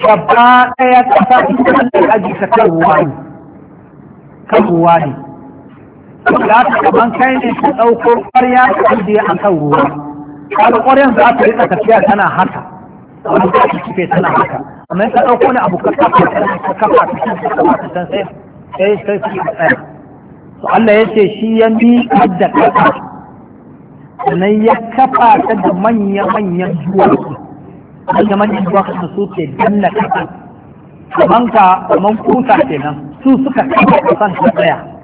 gaba ɗaya kasa ita da aji ta kan ne kan ruwa ne za ta kaman kai ne ta ɗauko ƙwarya ta ajiye a kan ruwa kaga ƙwaryan za ta rika tafiya tana haka wani za ta kife tana haka amma in ka ɗauko ne abu ka kafa ka kafa ta can ka kafa ta can sai sai sai su yi tsaye to Allah ya ce shi ya miƙa da kafa sannan ya kafa ta da manya-manyan duwatsu manya-manyan duwatsu su ke danna kafa kaman ka kaman kusa kenan su suka kafa kusan ta tsaya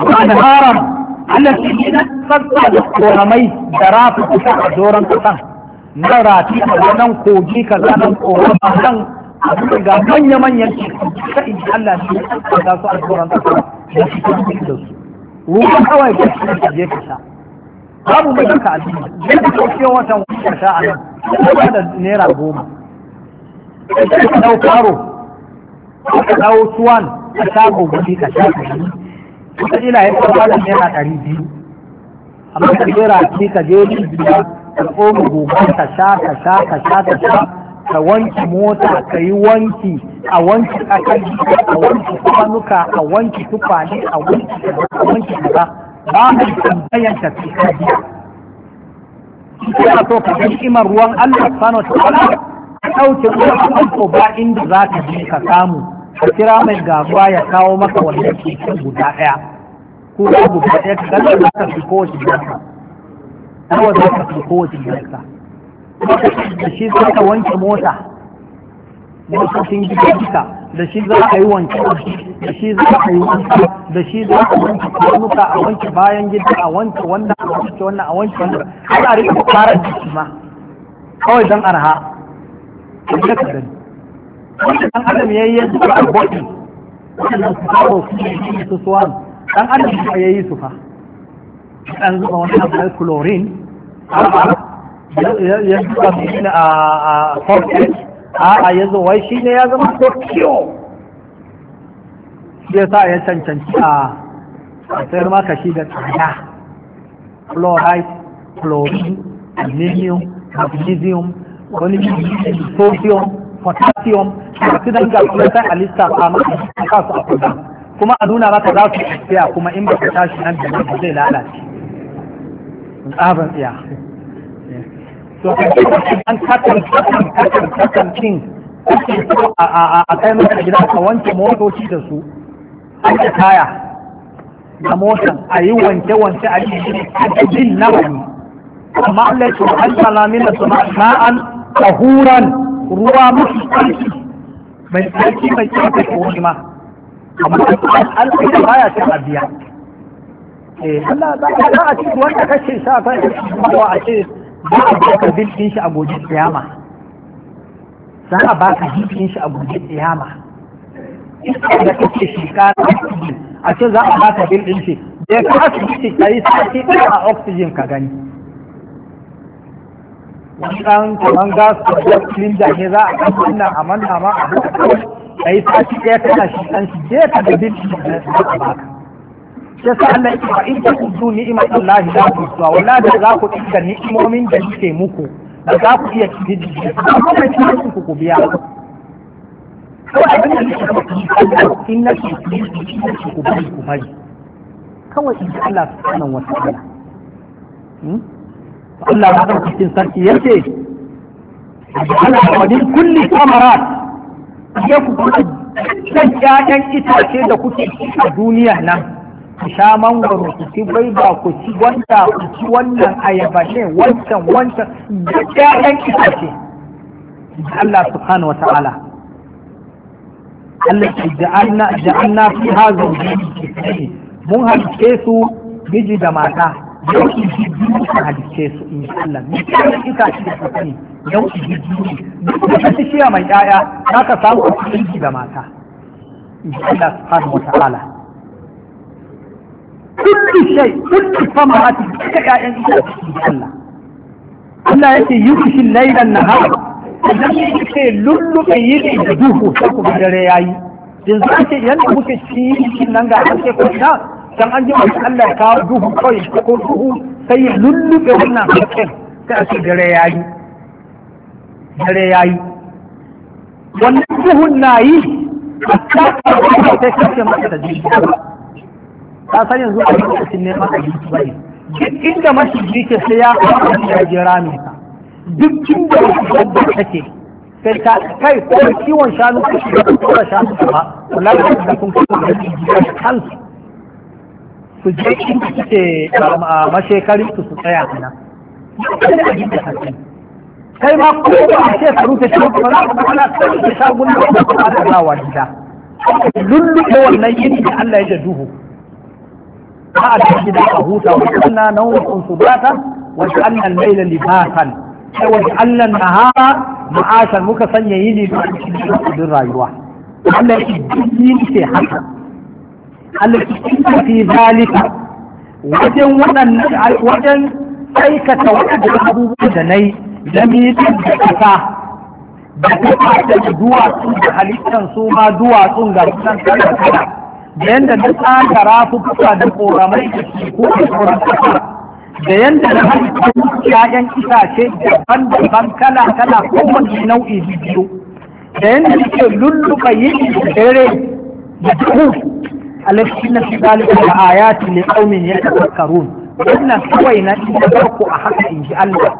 وأنهارا التي تتصل kusa دراف doron دورا تسعة نرى a wannan كوجي كذا نن قرما نن ga manya manyan Allah shi da shi da su ruwa kawai da shi je ka sha babu mai ka addini zai ka ɗauke watan wata sha a nan da naira goma ka ɗau karo ka ɗau suwan ka sha gobe sha ka wataƙila ya kawo da naira ɗari biyu amma ka jera ce ka je biya ka tsoma gobe ka sha ka sha ka sha ka sha ka wanki mota ka yi wanki a wanki akan a wanki kwanuka a wanki tukwane a wanki a wanki kaza ba a tambayan ka ce ka biya ina so ka san imar ruwan Allah subhanahu wa ta'ala ka ɗauke ruwan ko ba inda za ka je ka samu ka kira mai gaba ya kawo maka wanda yake cin guda ɗaya ko da guda ɗaya ka ga za ka fi kowace jarka nawa za ka fi kowace jarka da shi za ka wanke mota motocin yi duka da shi za ka yi wanke da shi za ka yi wanke da shi za ka wanke kwanuka a wanke bayan gida a wanke wannan a wanke wannan a wanke wannan ana rika fara jiki ma kawai don arha a ka gani wanda ɗan adam ya yi yadda a bodi wannan su kawo su ne su suwan ɗan adam ya yi su fa ɗan zuba wani abu na chlorine ya zuba mai a forfeit a ya zo wai shi ne ya zama tokyo shi ya sa ya cancanci a sayar maka shi da tsada chloride chlorine aluminium magnesium wani sodium potassium da su dan kalkulatar a lissafa maka a kasu a kuda kuma a nuna maka za su tafiya kuma in ba ka tashi nan da ba zai lalace tsabar tsiya So ka ce an katon katon katon katon kin a kai maka gida ka wanke motoci da su an da kaya da motan a yi wanke-wanke a yi jin na wani amma Allah ya ce an mina su ma'an tahuran ruwa mafi tsarki mai tsarki mai tsarki ko wani ma amma an ce da baya cin abiya eh Allah za ka a cikin wanda kake sha kai kuma a ce za a baka bilkin shi a gojin kiyama za a baka bilkin shi a gobe kiyama da kake shi ka a ce za a baka bilkin shi da ka asibiti kai ce? ka a oxygen ka gani wani ɗan kaman gas da gas cylinder ne za a ɗan wannan aman manna ma da buɗe ka yi sati ɗaya kana shi ɗan shi je ka da bin shi da ka baka shi yasa Allah ya ce fa in takudu ni'imar Allah la zuwa, wallahi da za ku dinga ni'imomin da nake muku da za ku iya da kididdi amma mai cikin ku ku biya kawai abin da nake kuma kididdi in nake kididdi ku bari ku bari kawai in Allah subhanahu wa ta'ala hmm? Allah ya san cikin sarki yake ala wadin kulli samarat ya ku kuma san ƴaƴan itace da kuke a duniya nan ku sha mangoro ku ci baiba ku ci gwanda ku ci wannan ayaba ne wancan wancan da ƴaƴan itace Allah subhanahu wata'ala Allah ya ja'alna ja'alna fi hadha mun halice su miji da mata nau'i biyu a halitta su in sha Allah ita itace da suka ne nau'i biyu ne duk wata bishiya mai ƴaƴa za ka samu a cikin da mata in sha Allah ala kulli shai kulli fama a cikin duka ƴaƴan a cikin sha Allah Allah yake laidan na nahar idan yake yi ne da duhu sai ku dare ya yi. yanzu ake yanda muke shi nan ga ake kwanta can an ji mai Allah kawo duhu kai ko duhu sai ya lulluɓe wannan hakken sai a ce dare yayi dare yayi wannan duhun na yi a kasa sai kashe masa da jiki Ta san yanzu a lokacin ne masa jiki bane duk inda mashi jiki sai ya kawo ya jira ne duk inda mashi take sai ta kai ko kiwon shanu ko shi da shanu ba wallahi da kun kuma da kansu su je inda suke um, mashekarin su su tsaya a nan kai ma ko ba a shekaru ta ce ba za ka kala sai ka sha gudu da ba ka da wa gida lulluɓe wannan yini da Allah ya duhu ba a da gida a huta wa kana nawun subata wa kana al-layla libasan sai wa kana an-nahara ma'ashan muka sanya yini da cikin rayuwa Allah ya yi ce haka alfitinta fi zalika wajen waɗannan wajen aikata waɗannan abubuwan da na yi da mitin da ƙasa da kuma da duwatsun da halittar su ma duwatsun ga sunan kala kala da yadda na tsaka rafuka da koramai da ke ko da sauran da yadda na halittar ƴaƴan itace daban daban kala kala kowanne nau'i biyu da yadda nake lulluɓa yin dare da duhu alaihi inna fi zalika la ne li qaumin yatafakkarun wannan kawai na inda farko a haka in ji Allah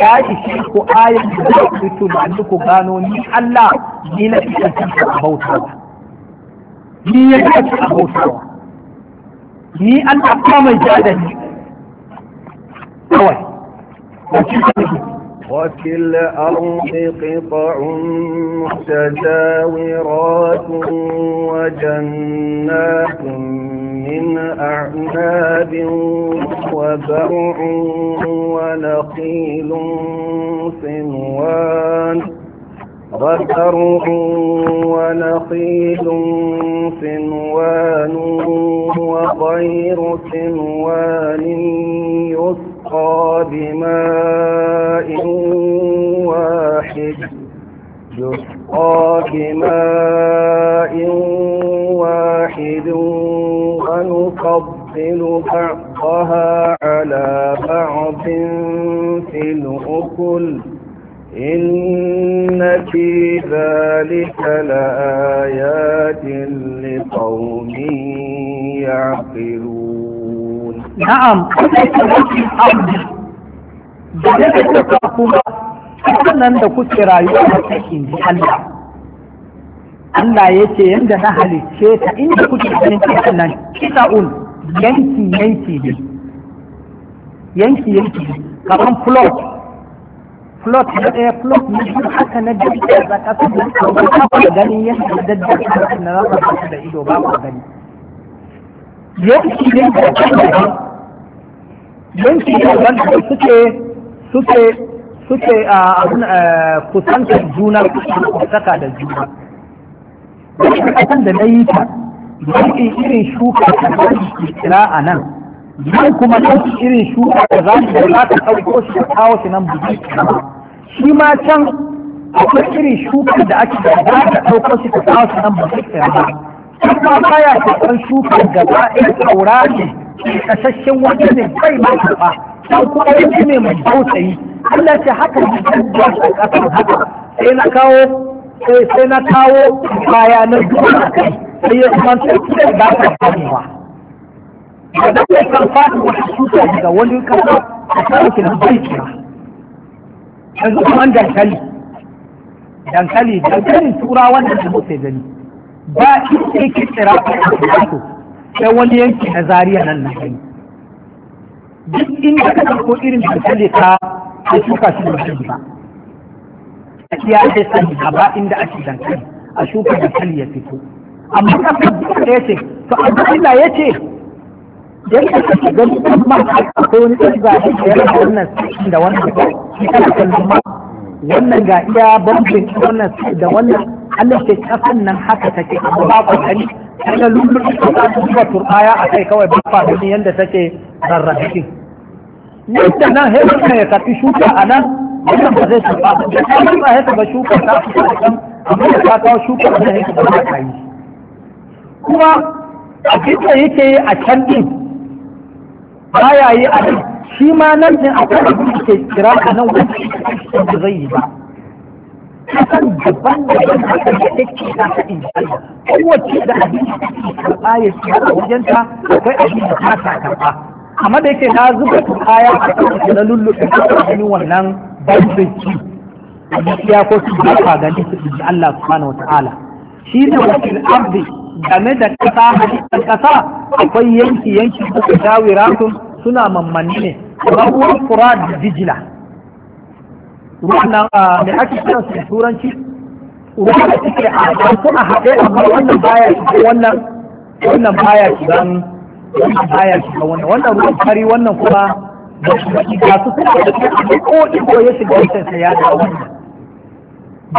ya ishe ku ayat da za ku fito da ku gano ni Allah ni na cikin kanka a bautawa ni ya kanka a bautawa ni Allah kuma mai jada ni kawai wa cikin وفي أرض قطع متجاورات وجنات من أعناب وبرع ونخيل صنوان وزرع ونخيل صنوان وغير صنوان يسر يسقى بماء واحد يسقى بماء واحد ونفضل بعضها على بعض في الأكل إن في ذلك لآيات لقوم يعقلون na'am da ne da kuka kuma sannan da kuke rayuwa a cikin Allah Allah ya ce yadda na halicce ta inda kuke ganin kisan nan un, yanki yanki ne yanki yanki ne kamar plot plot na ɗaya plot na biyu haka na biyu da ƙasa da ƙasa da ganin yanki da daddare na rasa da ido ba ku gani yanki ne da daban yanki ne daban da suke suke suke a kusantar juna kusaka da juna wani kasan da na yi ta yanki irin shuka da za ki kira a nan yan kuma yanki irin shuka da za ki za ka ɗauko shi ka kawo shi nan buji shi ma can akwai irin shuka da ake da za ka ɗauko shi ka kawo shi nan buji kira amma baya karɓar shukar gaba ɗaya saura ne kasashen wani ne bai ma karɓa dan kuma yanki ne mai tausayi Allah ce haka ne dan ba a ƙasar haka sai na kawo sai na kawo baya na duniya kai sai ya san sai da ba ta faruwa da da ya fadi wata shukar daga wani kasa a sarki na bai kira yanzu kuma dankali dankali dankalin turawan da su gani ba shi ke a a sai wani yanki na zariya nan na gani duk inda ka ko irin dankali ka a shuka shi da shi ba a kiya ake sani a ba inda ake dankali a shuka dankali ya fito amma ka duka da ya ce to abdullahi ya ce yadda ka gani dukkan ma ko wani ɗan zaɓe da yana wannan sakin da wannan shi kana kallon ma wannan ga iya bambin wannan da wannan Allah ke kasan nan haka take amma ba ku kani kaga lullun ta ta duba turbaya akai kawai ba fa dani yanda take rarrabe yadda nan hebe ne ya tafi shuka a nan wannan ba zai tafi ba da kan ba hebe ba shuka ta fi kan amma ta kawo shuka da hebe ba za ta yi kuma a kinta yake yi a can din baya yi a shi ma nan din akwai abin da ke kira a nan wanda zai yi ba kasan daban daban haka da take ta ta in kowace da abin da take karɓa ya ci a wajenta akwai abin da ta ta karɓa amma da yake na zuba kaya a kan na lulluɓe a ganin wannan banzanci a gaskiya ko su ba ka gani su ji Allah subhanahu wataala shi ne wakil ardi game da ƙasa. halittar kasa akwai yanki yanki suka dawiratun suna mammanni ne rabuwar kura da Dijila. wannan da ah, ake kira su turanci ruwan da suke a suna haɗe amma wannan baya shi wannan wannan baya shi wannan baya shiga wannan wannan ruwan fari wannan kuma da su ga su suna da kai ko iko ya shiga wancan sai ya dawo wannan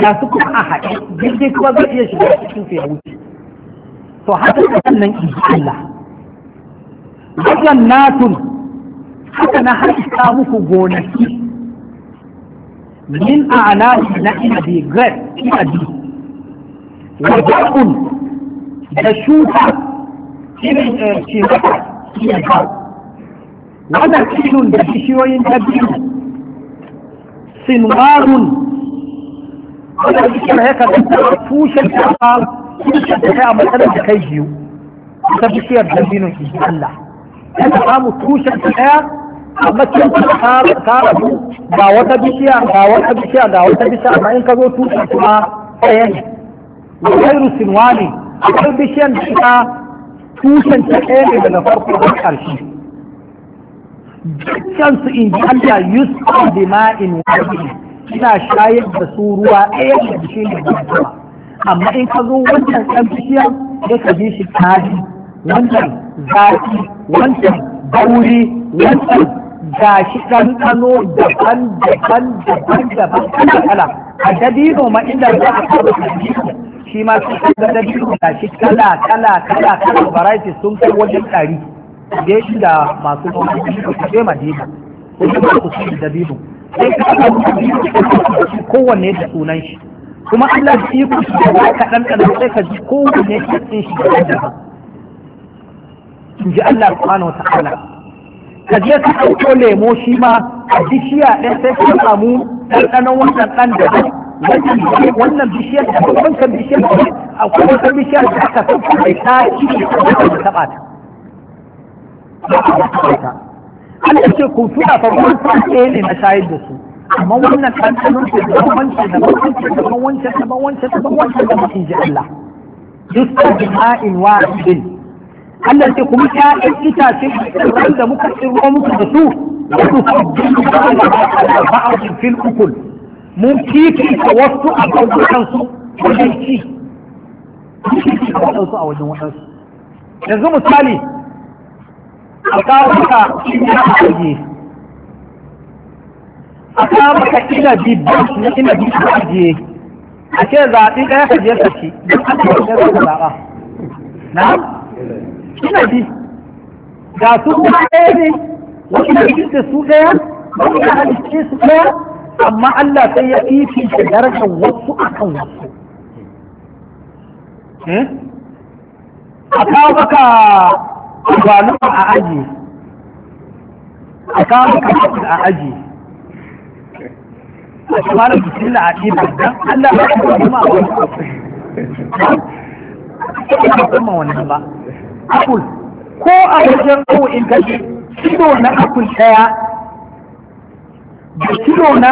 ga su kuma a haɗe jirgin kuma zai iya shiga cikin sai ya wuce to haka wannan ibi Allah wajen natun haka na har samu ku gonaki من أعلاه نحن دي غير إلى دي وجعل دشوفة كما شراء كما وذا كيل دشوة ينتبه صنوار وذا كيل هيك فوشة كما فوشة كما أنا بكيجيو وذا بكيل دشوة ينتبه الله أنا عامو فوشة كما amma kin ka ka ga wata bishiya ga wata bishiya ga wata bishiya amma in ka zo tushi kuma tsaye ne khairu sinwani akwai bishiyan da ita tushen ta ɗaya ne daga farko har ƙarshe dukkan su in ji Allah yusuf bi ma'in wahid ina shayar da su ruwa ɗaya ne da shi ne da amma in ka zo wannan ɗan bishiyan sai ka ji shi kaji wannan zafi wancan bauri wannan ga shi ɗanɗano daban daban daban daban kala kala a dabino ma inda za a kawo dabino shi ma sun ga dabino ga shi kala kala kala kala variety sun kai wajen ɗari da shi da masu noma su je madina ko su ba ku sun sai ka ga kowanne da sunan shi kuma Allah shi ku da ka ɗanɗano sai ka ji kowanne da shi da daban ji Allah subhanahu wa ta'ala ka je ka ɗauko lemo shi ma a bishiya ɗin sai ka samu ɗanɗanon wannan ɗan da wannan bishiyar da babban kan bishiyar da akwai wata bishiyar da aka sauka mai tashi da taɓa ta. Allah ce ku tuɗa fa kun ɗaya ne na shayar da su. amma wannan ɗanɗanon su da wancan da wancan da wancan da wancan da wancan da da ji Allah. Duk da jima'in wa'idin Allah ce kuma ƴaƴan itace ran da muka tsiro muku da su wasu ba'adun fil ukul mun kifi wasu a su wajen ci a wajen su. yanzu misali a kawo ka ya ajiye a kawo ka ina ban a ce zaɓi ɗaya ka je ka ci don a ce zaɓa na ina bi ga su kuma ɗaya ne wanda da su ɗaya wanda halitta su ɗaya amma Allah sai ya fifita darajar wasu akan wasu hmm? a kawo maka agwaluma a aji a kawo maka fasil a aji a kamar bismillah a ɗin don Allah ba ya kuma a wani ba apple ko a wajen ko in kashi kilo na apple daya da kilo na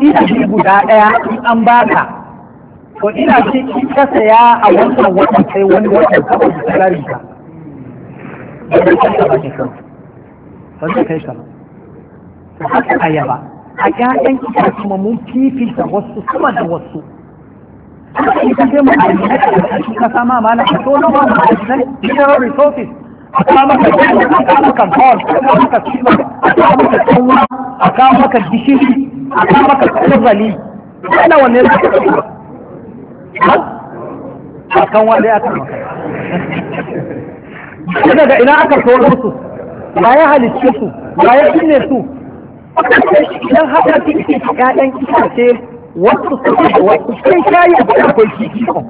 inabi guda daya in an baka to ina ce in ka saya a wannan wata sai wani watan da salari ka ba zai kai ka ba zai kai ka ayaba a ƴaƴan itace kuma mun fifita wasu sama da wasu haka ita ce mutane a cikin kasa ma mana a tono ma ma a mineral resources a kama ka jini a kama ka gold a kama ka silver a kama ka tsowa a kama ka gishiri a kama ka kozali yana wanne da ka ce a kan wani aka maka daga ina aka tono su ba ya halicce su ba ya binne su idan haka cikin ƴaƴan itace wasu wasu sai shayi a cikin akwai kikikon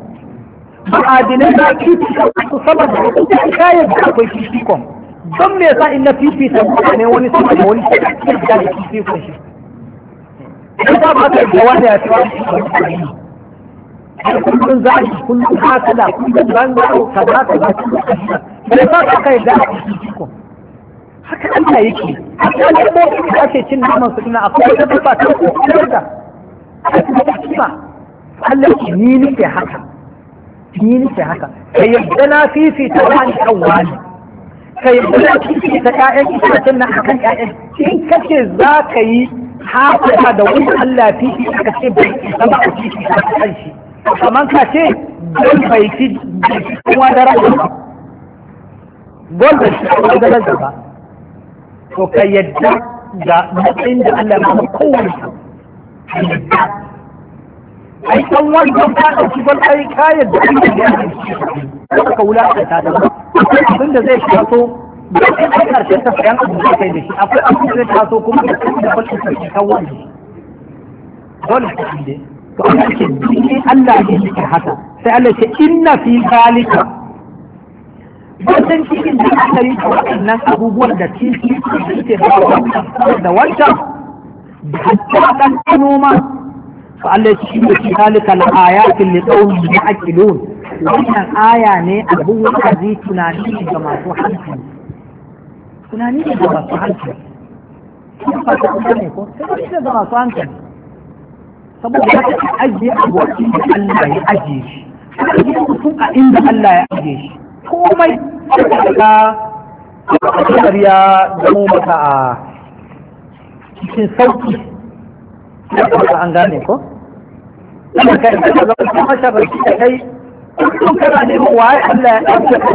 ma'adinai da kikikon su sama da wasu sai shayi a cikin akwai kikikon don me yasa in na fifita mutane wani sama da wani sai da cikin da kikikon shi sai ta ba ta gawa da ya ci wani kikikon kullum za a yi kullum hasala kullum ban da au kaza kaza sai fa ka kai da ko haka Allah yake a haka Allah ko ake cin naman su ina akwai da ba ta ko da Allah ni nake haka ni nake haka kai yadda na fifita wani kan wani kai yadda na fifita ƴaƴan itacen na akan ƴaƴan in kace za ka yi haka da wani Allah fifita ka ce bai san ba fifita ta kan shi kamar ka ce don bai fi kuma da rayuwa gol da shi kuma da rayuwa to kai yadda da matsayin da Allah ya kowace ka yadda ai dan wannan ka dauki ban ai ka yadda an yi ya ka wulakanta da abin da zai taso da kai karshen ta sayan abu da kai da shi akwai abu da zai taso kuma da kai da ban ka ta wani dole ka inde to Allah ke dini Allah ne yake haka sai Allah ce inna fi zalika wajen cikin da aka yi da waɗannan abubuwan da cikin da suke da wancan da hatta dan kanoma fa Allah shi ne shi halika al-ayatin li ake ya'qilun wannan aya ne abun wa'azi tunani ga masu hankali tunani ne ga masu hankali kuma ta kuma ne ko tunani ne ga masu hankali saboda haka ajiye abokin da Allah ya ajiye shi ajiye mutum a inda Allah ya ajiye shi komai da ka ya zama mata a cikin sauki an gane ko kuma kai ka Allah ya ɗauke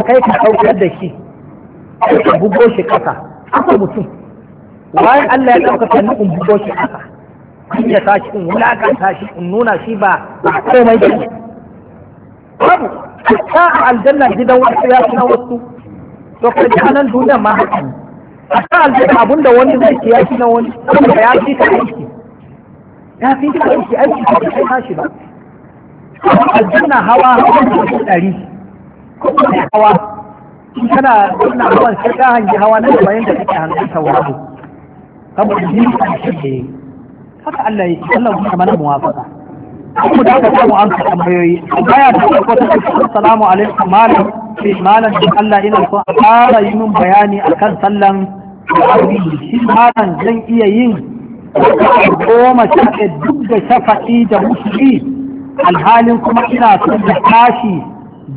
kai ka saukar da shi ka bugo shi ƙasa mutum waye Allah ya ɗauka ka nufin bugo shi ƙasa in ya tashi in wulakanta shi in nuna shi ba komai shi babu ta aljanna gidan wasu ya na wasu to kai anan duniya ma a ta aljanna abin da wani zai ke yaki na wani saboda ya fi ka aiki ya fi ka aiki aiki ka kai tashi ba aljanna hawa hawa da ɗari hawa kana ina hawan sai ka hangi hawa na bayan da kake hangin sauraro saboda ni kan shi ne haka Allah ya ce Allah ya mana muwafaqa kuma da aka samu an tambayoyi baya da farko ta ce assalamu alaikum malam sai malam dan Allah ina so a fara yi min bayani akan sallan shi malam zan iya yin goma sha duk da shafa'i da musulmi alhalin kuma ina son da tashi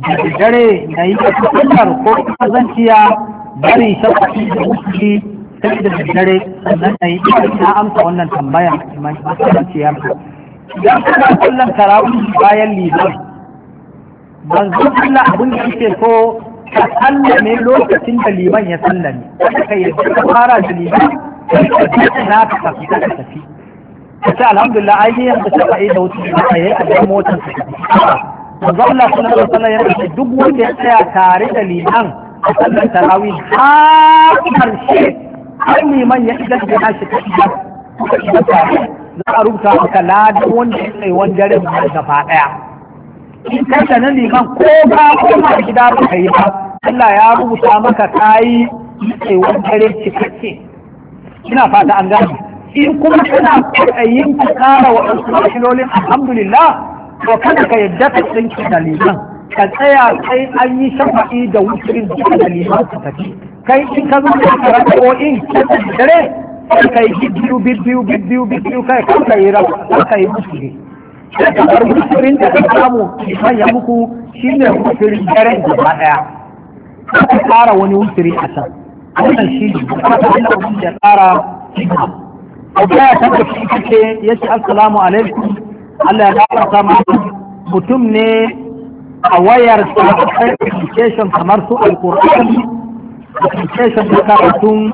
da dare na yi da sallar ko kuma zan iya bari shafa'i da musulmi sai da dare sannan na yi ina amsa wannan tambaya mai matsalanciyar ku idan kuma sallan tarawih bayan liban ban zo Allah abin da yake so ka sallame lokacin da liman ya sallame ka yi ka fara da liman na ka tafi ka tafi ka ce alhamdulillah ai ne yanzu ta yi da wuce da ka yi a motar ka tafi manzo Allah suna da wasallam ya ce duk wanda ya tsaya tare da liman a sallar tarawi har karshe har liman ya idan da nashi ta idan za a rubuta maka ladan wanda ya tsaye wani dare gaba ɗaya. kai da na liman ko ba koma gida ba ka yi ba Allah ya rubuta maka kayi tsewar dare cikakke ina fata an gane in kuma kana kwaɗayin ka tsara waɗansu mashilolin alhamdulillah to kada ka yadda ka tsinki da liman ka tsaya sai an yi shafa'i da wucirin duka da liman ka tafi kai in ka zo da karanto'in dare kai biyu biyu biyu biyu biyu kai kan ka yi rawa kan ka yi musu ne Ka kamar musulun da ta samu manyan muku shi ne musulun daren gaba ɗaya ka tsara wani wuturi a can wannan shi ne kuma ta Allah mun ya tsara hikma abu ya tabbata shi kake yace assalamu alaikum Allah ya gafarta ma mutum ne a wayar application kamar su alkur'ani application da karatun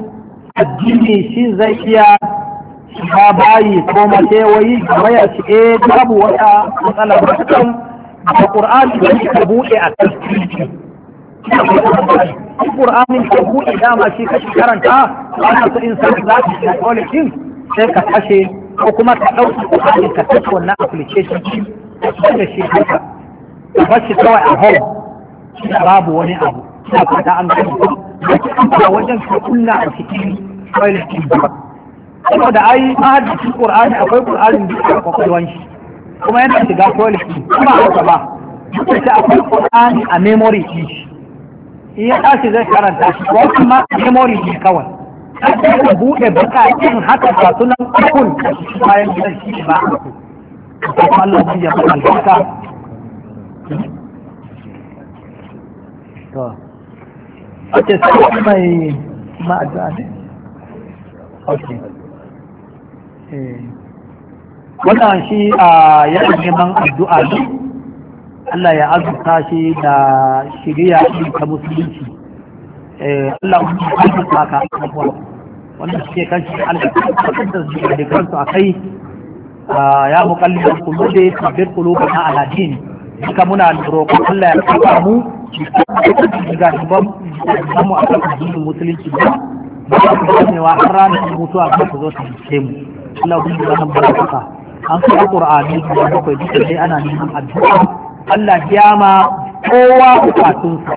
addini shi zai iya ta bayi ko makewayi waya ce eh babu wata matsala ba kan da qur'ani da ka buɗe a kan qur'ani ka buɗe dama shi ka karanta ana so in san za ka yi college sai ka kashe ko kuma ka ɗauki qur'ani ka tafi wannan application din da shi haka ka kawai a home babu wani abu ina fata an gani ba wajen ka kunna a cikin toilet din ba saboda ai mahaddaci qur'ani akwai qur'anin da ke kwakwalwan shi kuma yana shiga toilet kuma haka ba duk da akwai qur'ani a memory din shi in ya tashi zai karanta shi wasu ma memory ne kawai sai ka buɗe bakakin haka ba sunan kun bayan gidan shi ba a so kuma Allah zai ya fara albarka to ake sai mai ma'adani okay Eh. wannan shi a yadda neman addu'a ne Allah ya azurta shi da shirya ta musulunci eh, Allah ya azurta ka abubuwa wanda suke kan shi Allah ya da su da kansu a kai ya muƙallin kulube sabbin ba na aladini duka muna roƙo Allah ya kafa mu ga gaban mu a kan musulunci ba ba su ganewa har ranar mutuwa ba su zo ta mu Allah bin da nan an kai Qur'ani da bakwai duka sai ana neman addu'a Allah kiyama kowa bukatun sa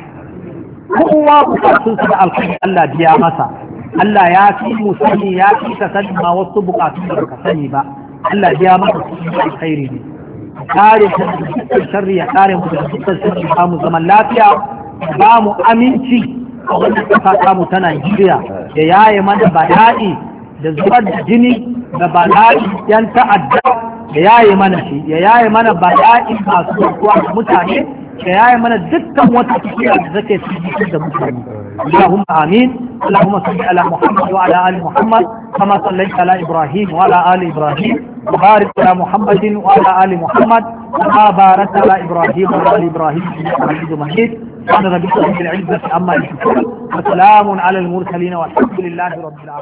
kowa bukatun sa da alkhairi Allah biya masa Allah ya fi mu sani ya fi ka sani ma wasu bukatun da ka sani ba Allah biya masa cikin alkhairi ne kare ta dukkan sharri ya kare mu da dukkan sharri ba mu zaman lafiya ba mu aminci a wannan kasa ta mu tana Nigeria da yaye mana daɗi. da zubar da jini da bala'i yan ta'adda da yayi mana shi ya yayi mana bala'i masu kuwa da mutane da yayi mana dukkan wata tafiya da zake cikin da mutane اللهم امين اللهم صل على محمد وعلى ال محمد كما صليت على ابراهيم وعلى ال ابراهيم وبارك على محمد وعلى ال محمد كما باركت على ابراهيم وعلى ال ابراهيم انك حميد مجيد سبحان ربك رب العزه عما يصفون وسلام على المرسلين والحمد لله رب العالمين